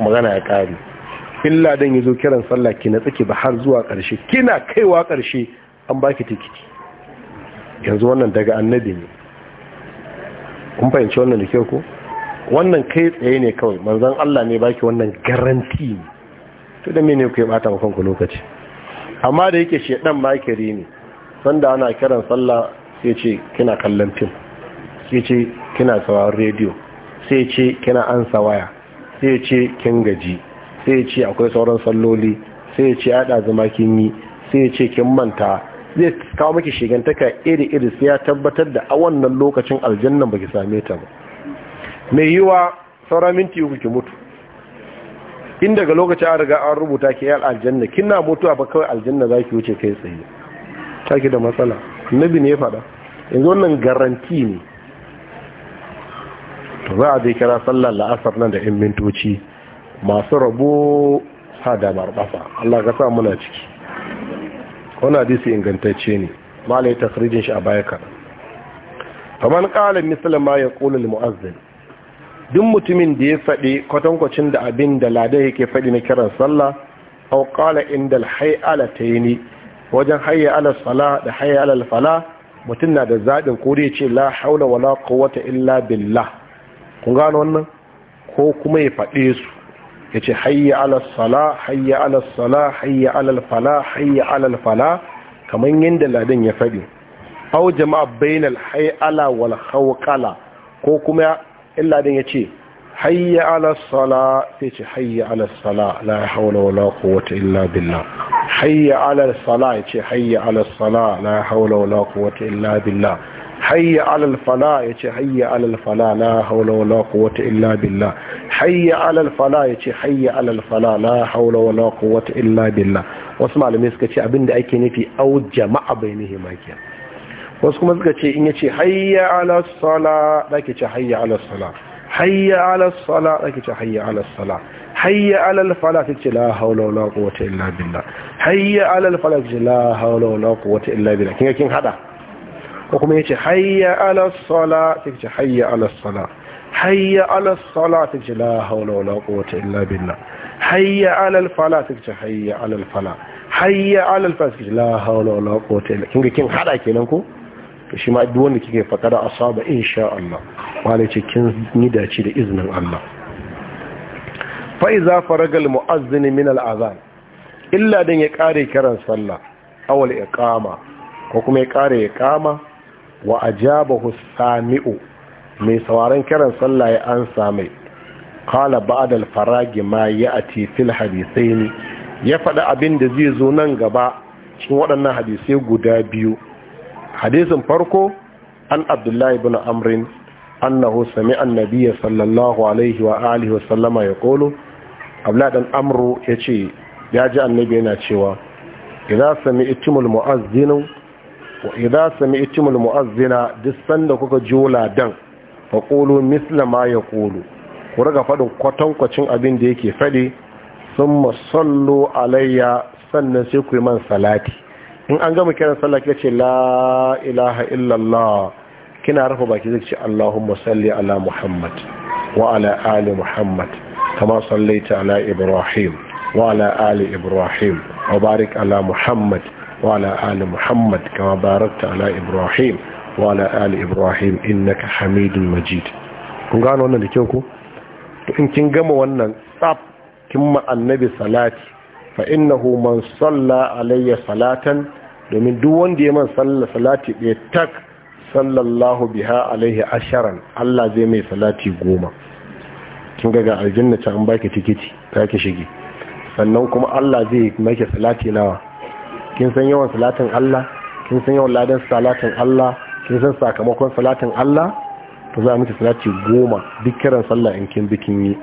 magana ya kare illa dan yazo kiran sallah ki na tsaki ba har zuwa karshe kina kaiwa karshe an baki tikiti yanzu wannan daga annabi ne kun fahimci wannan da kyau ko wannan kai tsaye ne kawai manzon Allah ne baki wannan garanti ne to da mene ku ya bata wa kanku lokaci amma da yake shedan makiri ne sanda ana kiran sallah sai ce kina kallon fim sai ce kina sauraron rediyo sai ce kina ansa waya sai ce kin gaji sai ce akwai sauran salloli sai ce ya da zama kin yi sai ce kin manta zai kawo miki shigantaka iri-iri sai ya tabbatar da a wannan lokacin aljannan baki same ta ba mai yiwa sauran minti uku ki mutu in daga lokacin a riga an rubuta ke yar aljanna kina mutuwa ba kawai aljanna za ki wuce kai tsaye take da matsala annabi ne ya faɗa yanzu wannan garanti ne to za a je kira sallar la'asar nan da yan mintoci masu rabo sa da barbafa Allah ka sa muna ciki wani hadisi ingantacce ne yi takrijin shi a baya kaɗan kamar ƙalin misalin ma ya ƙulul mu'azzin duk mutumin da ya faɗi kwatankwacin da abin da lada yake faɗi na kiran sallah au qala inda yi ni, wajen hayya ala sala da hayya ala fala mutum na da zaɓin ko dai ce la haula wala quwwata illa billah kun gano wannan ko kuma ya faɗe su ya ce hayya ala sala hayya ala sala ala fala hayya ala fala kamar yadda Ladin ya faɗi au jama'a bainal ala wal ko kuma illa din yace hayya ala sala sai ce hayya ala sala la hawla wala quwwata illa billah hayya ala sala ce hayya ala sala la hawla wala quwwata illa billah hayya ala fala ce hayya ala fala la hawla wala quwwata illa billah hayya ala fala ce hayya ala fala la hawla wala quwwata illa billah wasu malamai suka ce abinda ake nufi au jama'a bai bainihima kenan wasu kuma suka ce in ce hayya ala sala zaki ce hayya ala sala hayya ala sala zaki ce hayya ala sala hayya ala al fala ce la hawla wala quwwata illa billah hayya ala al fala ce la hawla wala quwwata illa billah kin kin hada ko kuma yace hayya ala sala ce hayya ala sala hayya ala sala ce la hawla wala quwwata illa billah hayya ala al fala ce hayya ala fala hayya ala al fala la hawla wala quwwata illa kin kin hada kenan ko to shi ma duk wanda kike fakara asaba insha Allah wala ce kin ni dace da iznin Allah fa iza faraga al muazzin min al azan illa dan ya kare kiran sallah awal iqama ko kuma ya kare iqama wa ajabahu sami'u mai sauraron kiran sallah ya ansa mai qala ba'da al faragi ma ya'ti fil hadithaini ya faɗa abin da zai zo nan gaba cikin waɗannan hadisai guda biyu hadisin farko an abdullahi bin amrin annahu sami annabiya sallallahu alaihi wa alihi wa sallama ya kolo abladan amru ya ce ya ji annabi yana cewa idan sami itimul mu'azzinu wa idan sami itimul mu'azzina duk sanda kuka jola dan fa kolo misla ma ya kolo ku riga faɗin kwatankwacin abin da yake faɗi sun masallo alayya sannan sai ku yi man salati in an gama kiran sallah kika ce la ilaha illallah kina rufe baki zai ce Allahumma salli ala Muhammad wa ala ali Muhammad kama sallaita ala Ibrahim wa ala ali Ibrahim wa barik ala Muhammad wa ala ali Muhammad kama barakta ala Ibrahim wa ala ali Ibrahim innaka Hamidul Majid kun gano wannan da kyau ko to in kin gama wannan tsaf kin ma annabi salati fa innahu man salla alayya salatan domin duk wanda ya man salla salati ɗaya tak sallallahu biha alaihi asharan Allah zai mai salati goma kin ga aljanna ta an baki tikiti ki shige sannan kuma Allah zai maki salati nawa kin san yawan salatin Allah kin san yawan ladan salatin Allah kin san sakamakon salatin Allah to za miki salati goma duk kiran sallah in kin bikin yi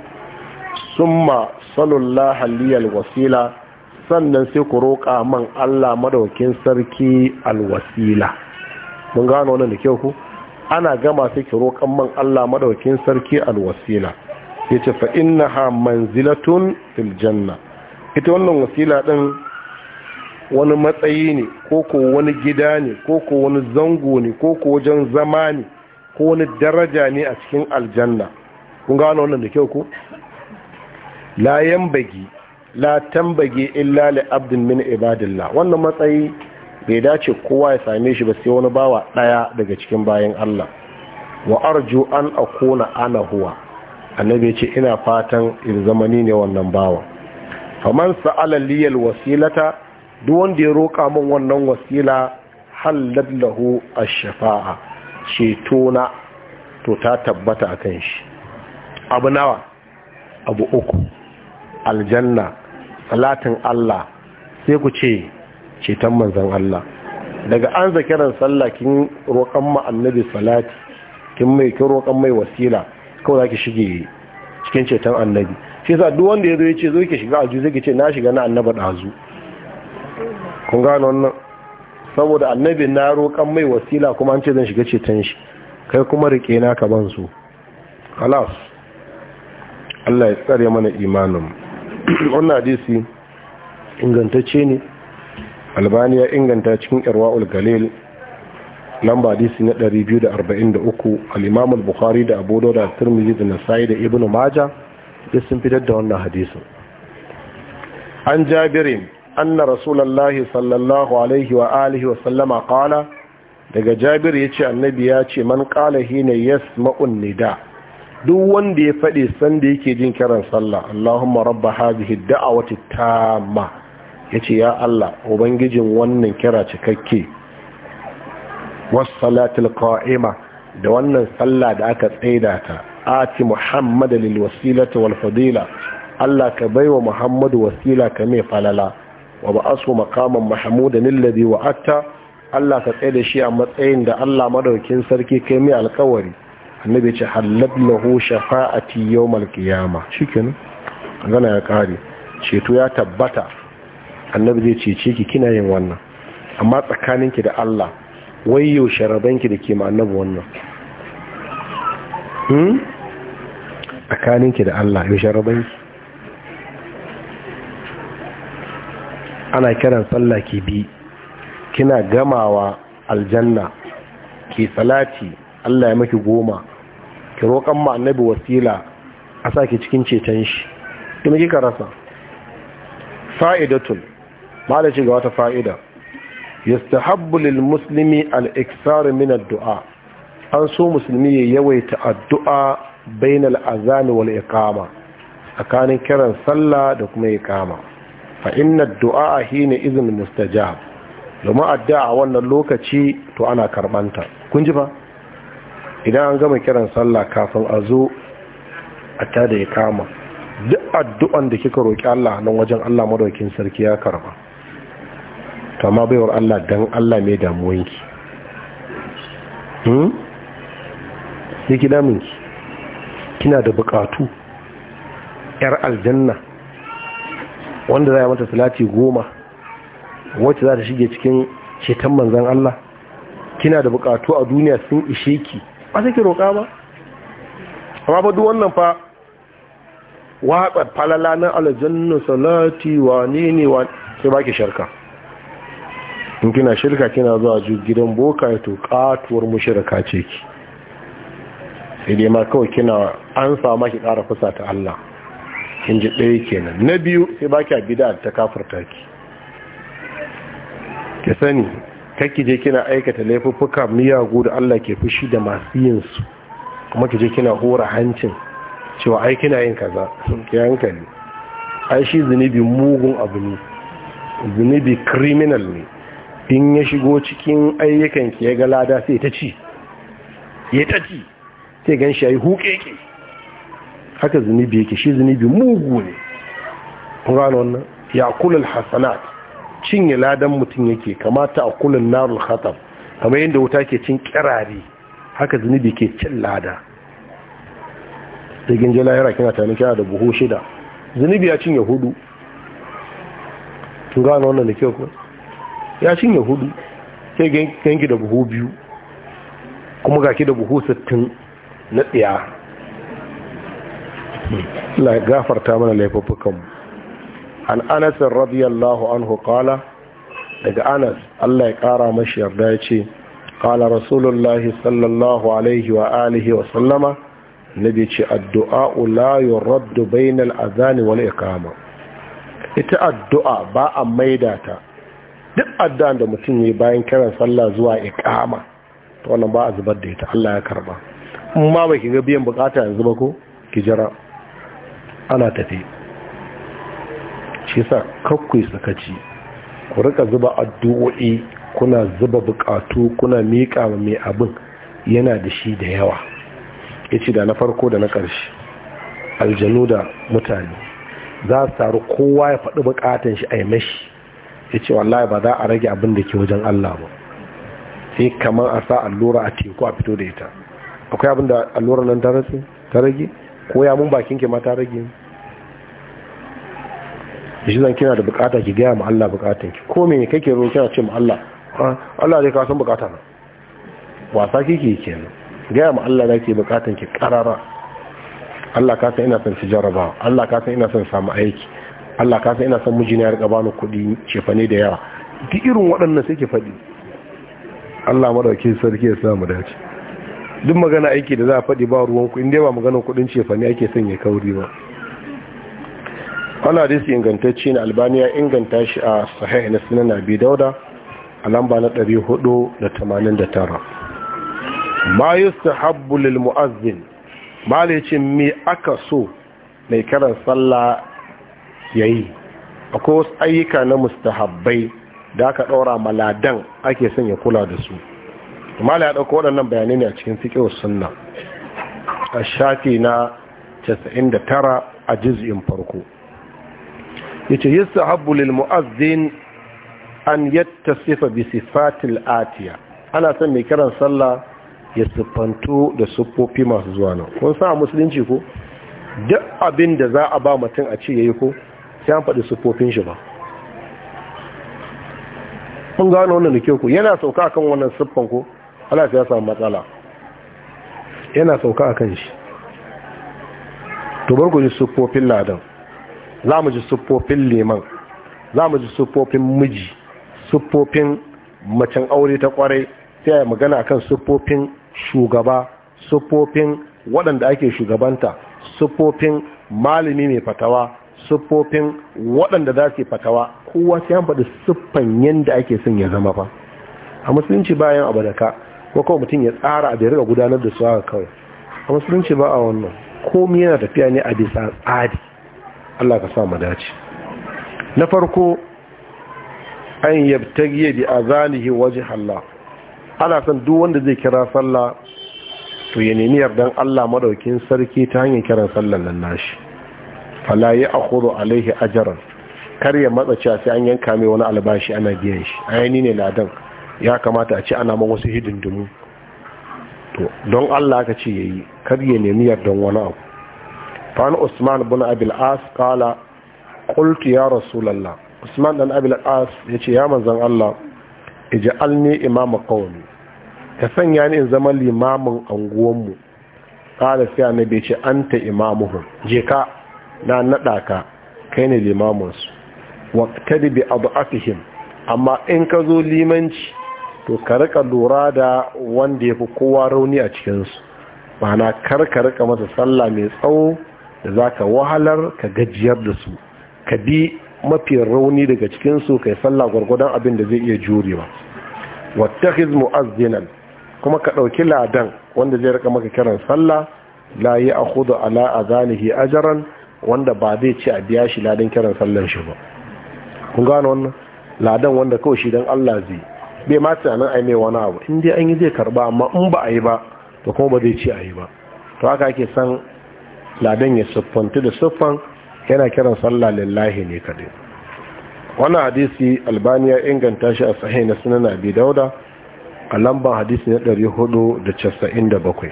summa sallallahu aliyal wasila sannan sai ku roƙa man Allah madaukin sarki alwasila mun gano wannan da kyau ku ana gama sai ki roƙan man Allah madaukin sarki alwasila yace fa innaha manzilatun fil janna ita wannan wasila din wani matsayi ne ko ko wani gida ne ko ko wani zango ne ko ko wajen zama ne ko wani daraja ne a cikin aljanna kun gano wannan da kyau ku la yambagi la tambage illa li abdin min ibadillah wannan matsayi bai dace kowa ya same shi ba sai wani bawa daya daga cikin bayan Allah wa arju an akuna ana huwa annabi ya ce ina fatan in zamani ne wannan bawa faman sa'ala liyal wasilata duk wanda ya roka min wannan wasila halal lahu ash-shafa'a ceto na to ta tabbata akan shi abu nawa abu uku aljanna salatin Allah sai ku ce cetan manzan Allah daga an zakiran sallah kin roƙan ma annabi salati kin mai kin roƙan mai wasila kawai zaki shige cikin cetan annabi sai sa duk wanda yazo yace zo ki shiga aljihu zai ce na shiga na annaba dazu kun gano wannan saboda annabi na roƙan mai wasila kuma an ce zan shiga cetan shi kai kuma rike na ka ban su خلاص Allah ya tsare mana imanin wannan hadisi ingantacce ne albani ya inganta cikin irwa'ul galil lamba hadisi na 243 al-imam al-bukhari da abu dawud da tirmidhi da nasa'i da ibnu majah da sun fitar da wannan hadisin an jabirin anna rasulullahi sallallahu alaihi wa alihi wa sallama qala daga jabir yace annabi ya ce man qala hina yasma'un nida' duk wanda ya faɗi sanda yake jin kiran sallah Allahumma rabba hadhihi da'awati tamma yace ya Allah ubangijin wannan kira cikakke was salatul qa'ima da wannan sallah da aka tsaida ta ati muhammad lil wasilati wal fadila Allah ka baiwa muhammadu wasila ka mai falala wa ba'asu maqaman mahmudan alladhi wa'ata Allah ka tsaida shi a matsayin da Allah madaukin sarki kai mai alkawari annabi ya ce halab lahu shafa'ati yawmal qiyama shikenan magana ya kare ceto ya tabbata annabi zai cece ki kina yin wannan amma tsakaninki da Allah wayyo sharabanki da ke ma annabi wannan hmm tsakaninki da Allah yo sharabanki ana kiran sallah ki bi kina gamawa aljanna ki salati Allah ya maki goma ki roƙon ma annabi wasila a saki cikin ceton shi kuma kika rasa fa'idatun ma da ci ga wata fa'ida yastahabbu lil muslimi al iksar min addu'a an so musulmi ya yawaita addu'a bainal azami wal iqama tsakanin kiran sallah da kuma iqama fa inna addu'a hina izin mustajab domin addu'a wannan lokaci to ana karbanta kun ji ba idan an gama kiran sallah kafin a zo a ta da ya kama duk addu'an da kika roƙi Allah nan wajen Allah madaukin sarki ya karba to amma baiwar Allah dan Allah mai damuwanki hmm yake ki, kina da bukatu yar aljanna wanda za a mata salati goma wacce za ta shige cikin cetan manzan Allah kina da bukatu a duniya sun ishe ki ba ke roƙa ba amma ba duk wannan fa watsar falala na aljanna salati wa ne ne wa sai baki shirka in kina shirka kina zuwa ju gidan boka to katuwar mushrika ce ki sai dai ma kawai kina an ki ƙara fusa ta Allah kin ji ɗaya kenan na biyu sai baki a bid'a ta kafirta ki ki sani kakki je kina aikata laifuffuka miyagu da Allah ke fushi da masu yin su kuma ki je kina hora hancin cewa ai kina yin kaza ki hankali ai shi zunubi mugun abu ne zunubi criminal ne in ya shigo cikin ayyukan ki ya ga lada sai ta ci ya ta ci sai gan shi ai huke ki haka zunubi yake shi zunubi mugu ne Qur'an wannan ya kulul hasanat cinye ladan mutum yake kamata a kulun narul khatam kamar yadda wuta ke cin kirare haka zunubi ke cin lada zagin jela yara kina tani kira da buhu shida zunubi ya cinye hudu tun gano wannan da kyau ko ya cinye hudu ke gangi da buhu biyu kuma ga ki da buhu sittin na tsiya hmm. la gafarta mana laifuffukanmu an anas radiyallahu anhu kala daga anas Allah ya kara mashi yarda ya ce kala rasulullahi sallallahu alaihi wa alihi wa sallama nabi ce addu'a la yuraddu bainal adhan wal iqama ita addu'a ba a maida ta duk addu'an da mutum ne bayan kiran sallah zuwa iqama to wannan ba a zubar da ita Allah ya karba in ma baki ga biyan bukata yanzu ba ko ki jira ana tafi shi sa kakwai sakaci ku rika zuba addu'o'i kuna zuba bukatu kuna miƙa mai abin yana da shi da yawa ya ce da na farko da na ƙarshe aljanu da mutane za su taru kowa ya faɗi bukatan shi a yi mashi ya ce wallahi ba za a rage abin da ke wajen Allah ba sai kamar a sa allura a teku a fito da ita akwai abin da allura nan ta rage ko ya mun bakin ke ma ta rage shi zan kina da bukata ki gaya ma Allah bukatan ki ko me kake roƙi kina ce ma Allah ah, Allah dai ka san bukata na wasa kike kenan gaya ma Allah zaki bukatan ki karara Allah ka san ina son su jaraba Allah ka san ina son samu aiki Allah ka san ina son mijina ya riga bani kuɗi cefane da yawa duk irin waɗannan sai ki faɗi Allah madauki sarki ya samu dace duk magana aiki da za a faɗi ba ruwan ku in ba maganar kuɗin cefane ake son ya kauri ba Wani hadisi ingantacci na albaniya inganta shi a sahih na sunan abi dauda a lamba na 489 ma yustahabbu lil muazzin malicin me aka so mai karan sallah yayi akwai wasu ayyuka na mustahabbai da aka ɗaura maladan ake son ya kula da su mala ya ɗauka waɗannan bayanai ne a cikin fiƙewar sunna a shafi na 99 a juz'in farko yace yustahabbu lil mu'azzin an yattasifa bi sifatil atiya ana son mai kiran sallah ya siffanto da sufofi masu zuwa nan kun sa musulunci ko duk abin da za a ba mutum a ce yayi ko sai an faɗi sufofin shi ba kun gano wannan da ku yana sauka akan wannan siffan ko Allah ya samu matsala yana sauka akan shi to bar ku ji ladan za mu ji siffofin liman za mu ji siffofin miji siffofin macen aure ta kwarai sai ya magana kan siffofin shugaba siffofin waɗanda ake shugabanta siffofin malami mai fatawa siffofin waɗanda za su fatawa kowa sai an faɗi siffan yadda ake son ya zama fa a musulunci bayan abu da ka ko kawai mutum ya tsara a bai gudanar da su haka kawai a musulunci ba a wannan komi yana tafiya ne a bisa tsari Allah ka sa mu dace na farko an yabtagiye bi azanihi waje Allah ana son duk wanda zai kira sallah to ya nemi yardan Allah madaukin sarki ta hanyar kiran sallar nan nashi fala ya akhuru alaihi ajran kar ya matsa cewa sai an yanka mai wani albashi ana biyan shi ayani ne ladan ya kamata a ce ana man wasu hidindimu to don Allah ka ce yayi kar ya nemi yardan wani abu فعن عثمان بن أبي ya rasu قلت يا رسول الله عثمان بن Allah iji يتي يا من زن الله اجعلني إمام قومي كسن يعني إن زمن الإمام أنقوم قال سيا النبي أنت إمامهم جيكا na naɗa ka kai ne limaminsu waktadi bi abu'atihim amma in ka zo limanci to ka rika lura da wanda ya fi kowa rauni a cikinsu mana kar ka rika masa sallah mai tsawo da za ka wahalar ka gajiyar da su ka bi mafi rauni daga cikinsu kai sallah gwargwadon abin da zai iya jurewa wattakhiz mu'azzinan kuma ka ɗauki ladan wanda zai raka maka kiran sallah la hudu ala azanihi ajaran wanda ba zai ci a biya shi ladan kiran sallan shi ba kun gano wannan ladan wanda kawai shi don Allah zai bai ma tunanin ai mai wani abu in dai an yi zai karba amma in ba a yi ba to kuma ba zai ci a yi ba to haka ake san ladan ya siffantu da siffan yana kiran sallah lillahi ne kadai wannan hadisi albaniya inganta shi a sahih na sunan abi dauda a lambar hadisi na 497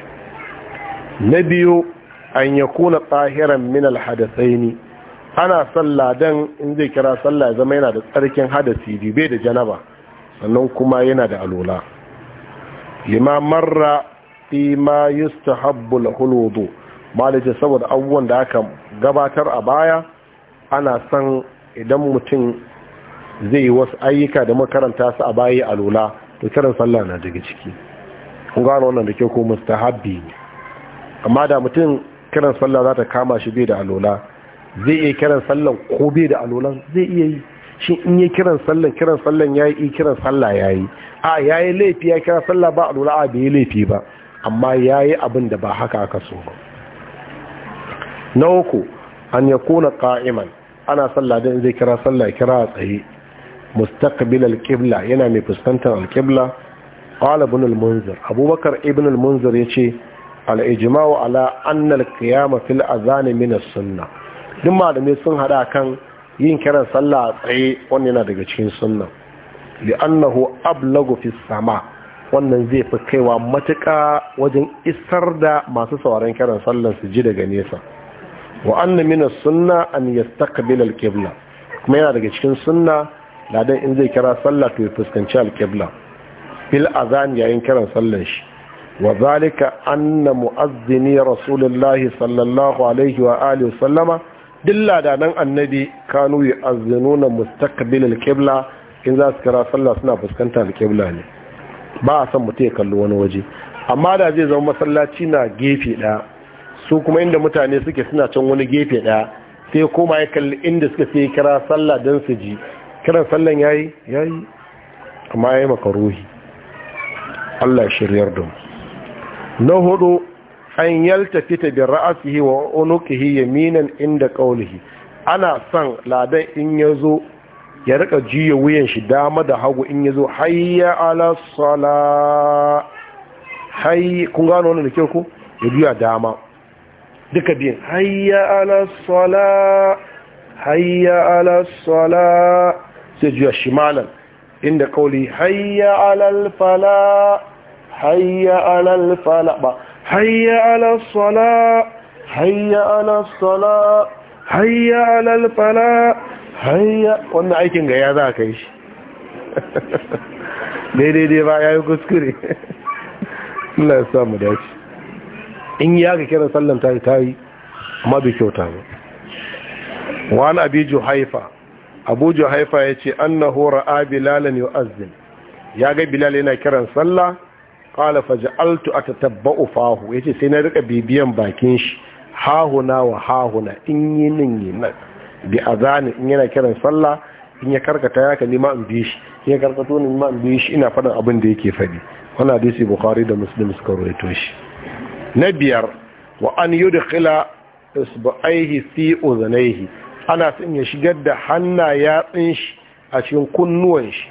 na biyu an ya kuna tsahiran min alhadasai ana sallah dan in zai kira ya zama yana da tsarkin hadasi bai da janaba sannan kuma yana da alola lima marra fi ma yustahabbu lahul malice saboda abubuwan da aka gabatar a baya ana son idan mutum zai yi wasu ayyuka da makaranta su a baya a lula to kiran sallah na daga ciki kun gano wannan da ke ko mustahabbi ne amma da mutum kiran sallah za ta kama shi bai da alola zai iya kiran sallah ko bai da alola? zai iya yi shi in yi kiran sallah kiran sallah ya yi eh, kiran sallah ya yi a ya yi laifi ya kira sallah ba alola a bai yi laifi ba amma ya yi abin da ba haka aka so ba na uku an ya kuna ka'iman ana sallah don zai kira sallah kira a tsaye mustaqbil alqibla yana mai fuskantar alqibla qala ibn al abubakar ibn al-munzir yace al-ijma'u ala anna al-qiyama fil azan min as-sunnah duk malamai sun hada kan yin kiran sallah a tsaye wannan yana daga cikin sunna annahu ablagu fi sama wannan zai fi kaiwa matuƙa wajen isar da masu sauraron kiran sallar su ji daga nesa wa mina min sunna an yastaqbil al alkebla kuma yana daga cikin sunna ladan in zai kira sallah to ya fuskanci alkebla qibla fil azan yayin kiran sallan shi wa zalika anna muazzini rasulullahi sallallahu alaihi wa alihi wa sallama dilla da nan annabi kanu yu'azzinuna mustaqbil al in za su kira sallah suna fuskantar al ne ba a san mutum ya kalli wani waje amma da zai zama masallaci na gefe ɗaya su kuma inda mutane suke suna can wani gefe daya sai koma ya kalli inda suka sai kira sallah don su ji kiran sallan ya yi ya yi amma ya yi makaruhi allah shiryar da na hudu an yalta fita bin ra'asihi wa unukihi yaminan inda kaulihi ana san ladan in ya zo ya rika juya wuyan shi dama da hagu in ya zo hayya ala sala hayi!" kun gano wannan da kyau ko ya biya dama duka biyan. hayya ala sola hayya ala sola sai juya shimalan inda kauli hayya ala fala hayya ala fala ba hayya ala sola hayya ala sola hayya ala fala hayya wannan aikin ga ya za ka yi shi daidai ba ya yi kuskure Allah ya samu dace in ya ga kiran sallan ta yi ta yi amma kyauta ba wani abi juhaifa abu juhaifa ya ce an na hora a bilalan yau azin ya ga bilal yana kiran sallah ƙala faja'altu a fahu ya ce sai na rika bibiyan bakin shi hahuna wa hahuna in yi nan yi nan bi azani in yana kiran sallah in ya karkata ya kalli ma in bi shi in ya karkato ni ma in bi shi ina faɗin abin da yake faɗi wannan hadisi bukhari da muslim suka rawaito shi na biyar wa an yi da kila isba'aihi fi udhnayhi ana son ya shigar da hanna ya shi a cikin kunnuwan shi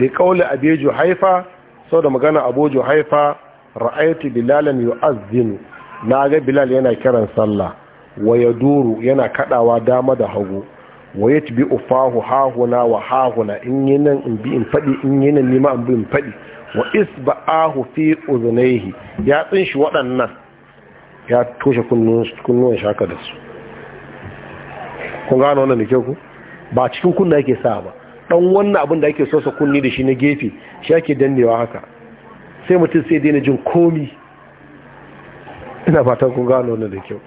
da kauli abi haifa sau da magana abu haifa ra'aytu bilalan yu'azzinu na ga bilal yana kiran sallah wa duru yana kadawa dama da hagu wa tibi ufahu hahuna wa hahuna in yi nan in bi in fadi in yi nan nima in bi in fadi wa isba'ahu fi uzunaihi ya tsin waɗannan ya toshe kunnuwan shaka da su kun gano wannan da kyau ku ba cikin kunna yake sa ba dan wannan abin da ake sosa kunni da shi na gefe shi ake dannewa haka sai mutum sai daina jin komi ina fatan kun gano wannan da kyau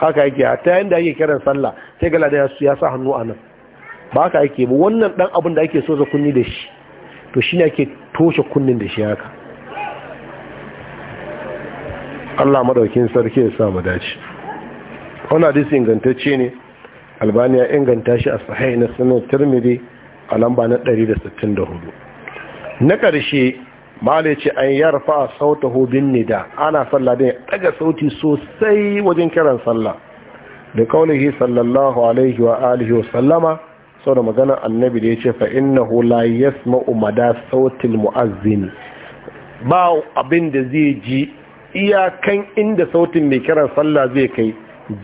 haka yake a ta yanda ake kiran sallah sai gala da ya sa hannu a nan ba haka yake ba wannan dan abin da ake sosa kunni da shi to shi ne ake toshe kunnin da shi haka Allah madaukin sarki ya sa mu dace wannan hadisi ingantacce ne albani ya inganta shi a sahih na sunan tirmidhi a lamba na 164 na ƙarshe mala ce an yarfa sautahu bin nida ana sallah da daga sauti sosai wajen kiran sallah da kaulihi sallallahu alaihi wa alihi wa sallama sau da maganar annabi da ya ce 'Fa'innahu innahu la yasma'u mada sautin mu'azzini ba abin da zai ji iyakan inda sautin mai kiran sallah zai kai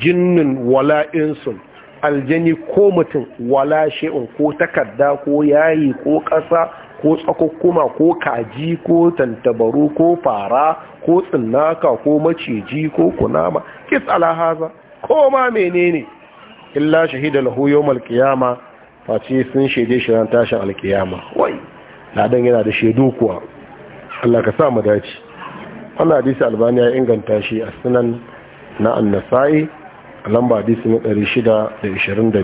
jinnin wala insun aljani ko mutum wala she'un ko takarda ko yayi ko ƙasa ko tsakokkuma ko kaji ko tantabaru ko fara ko tsinaka ko maciji ko kunama kis alahaza ko ma menene illa shahida lahu yawmal qiyama face sun shaide shi ran tashin alkiyama wai ladan yana da shaidu kuwa Allah ka sa mu dace wannan hadisi albani ya inganta shi a sunan na annasai a lamba hadisi na 625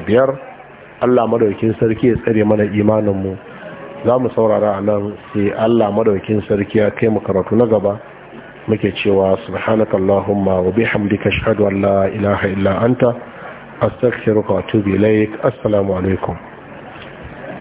allah madaukin sarki ya tsare mana imaninmu za mu saurara a nan sai allah madaukin sarki ya kai mu karatu na gaba muke cewa allahumma wa bihamdika ashhadu an la ilaha illa anta astaghfiruka wa atubu ilaik assalamu alaikum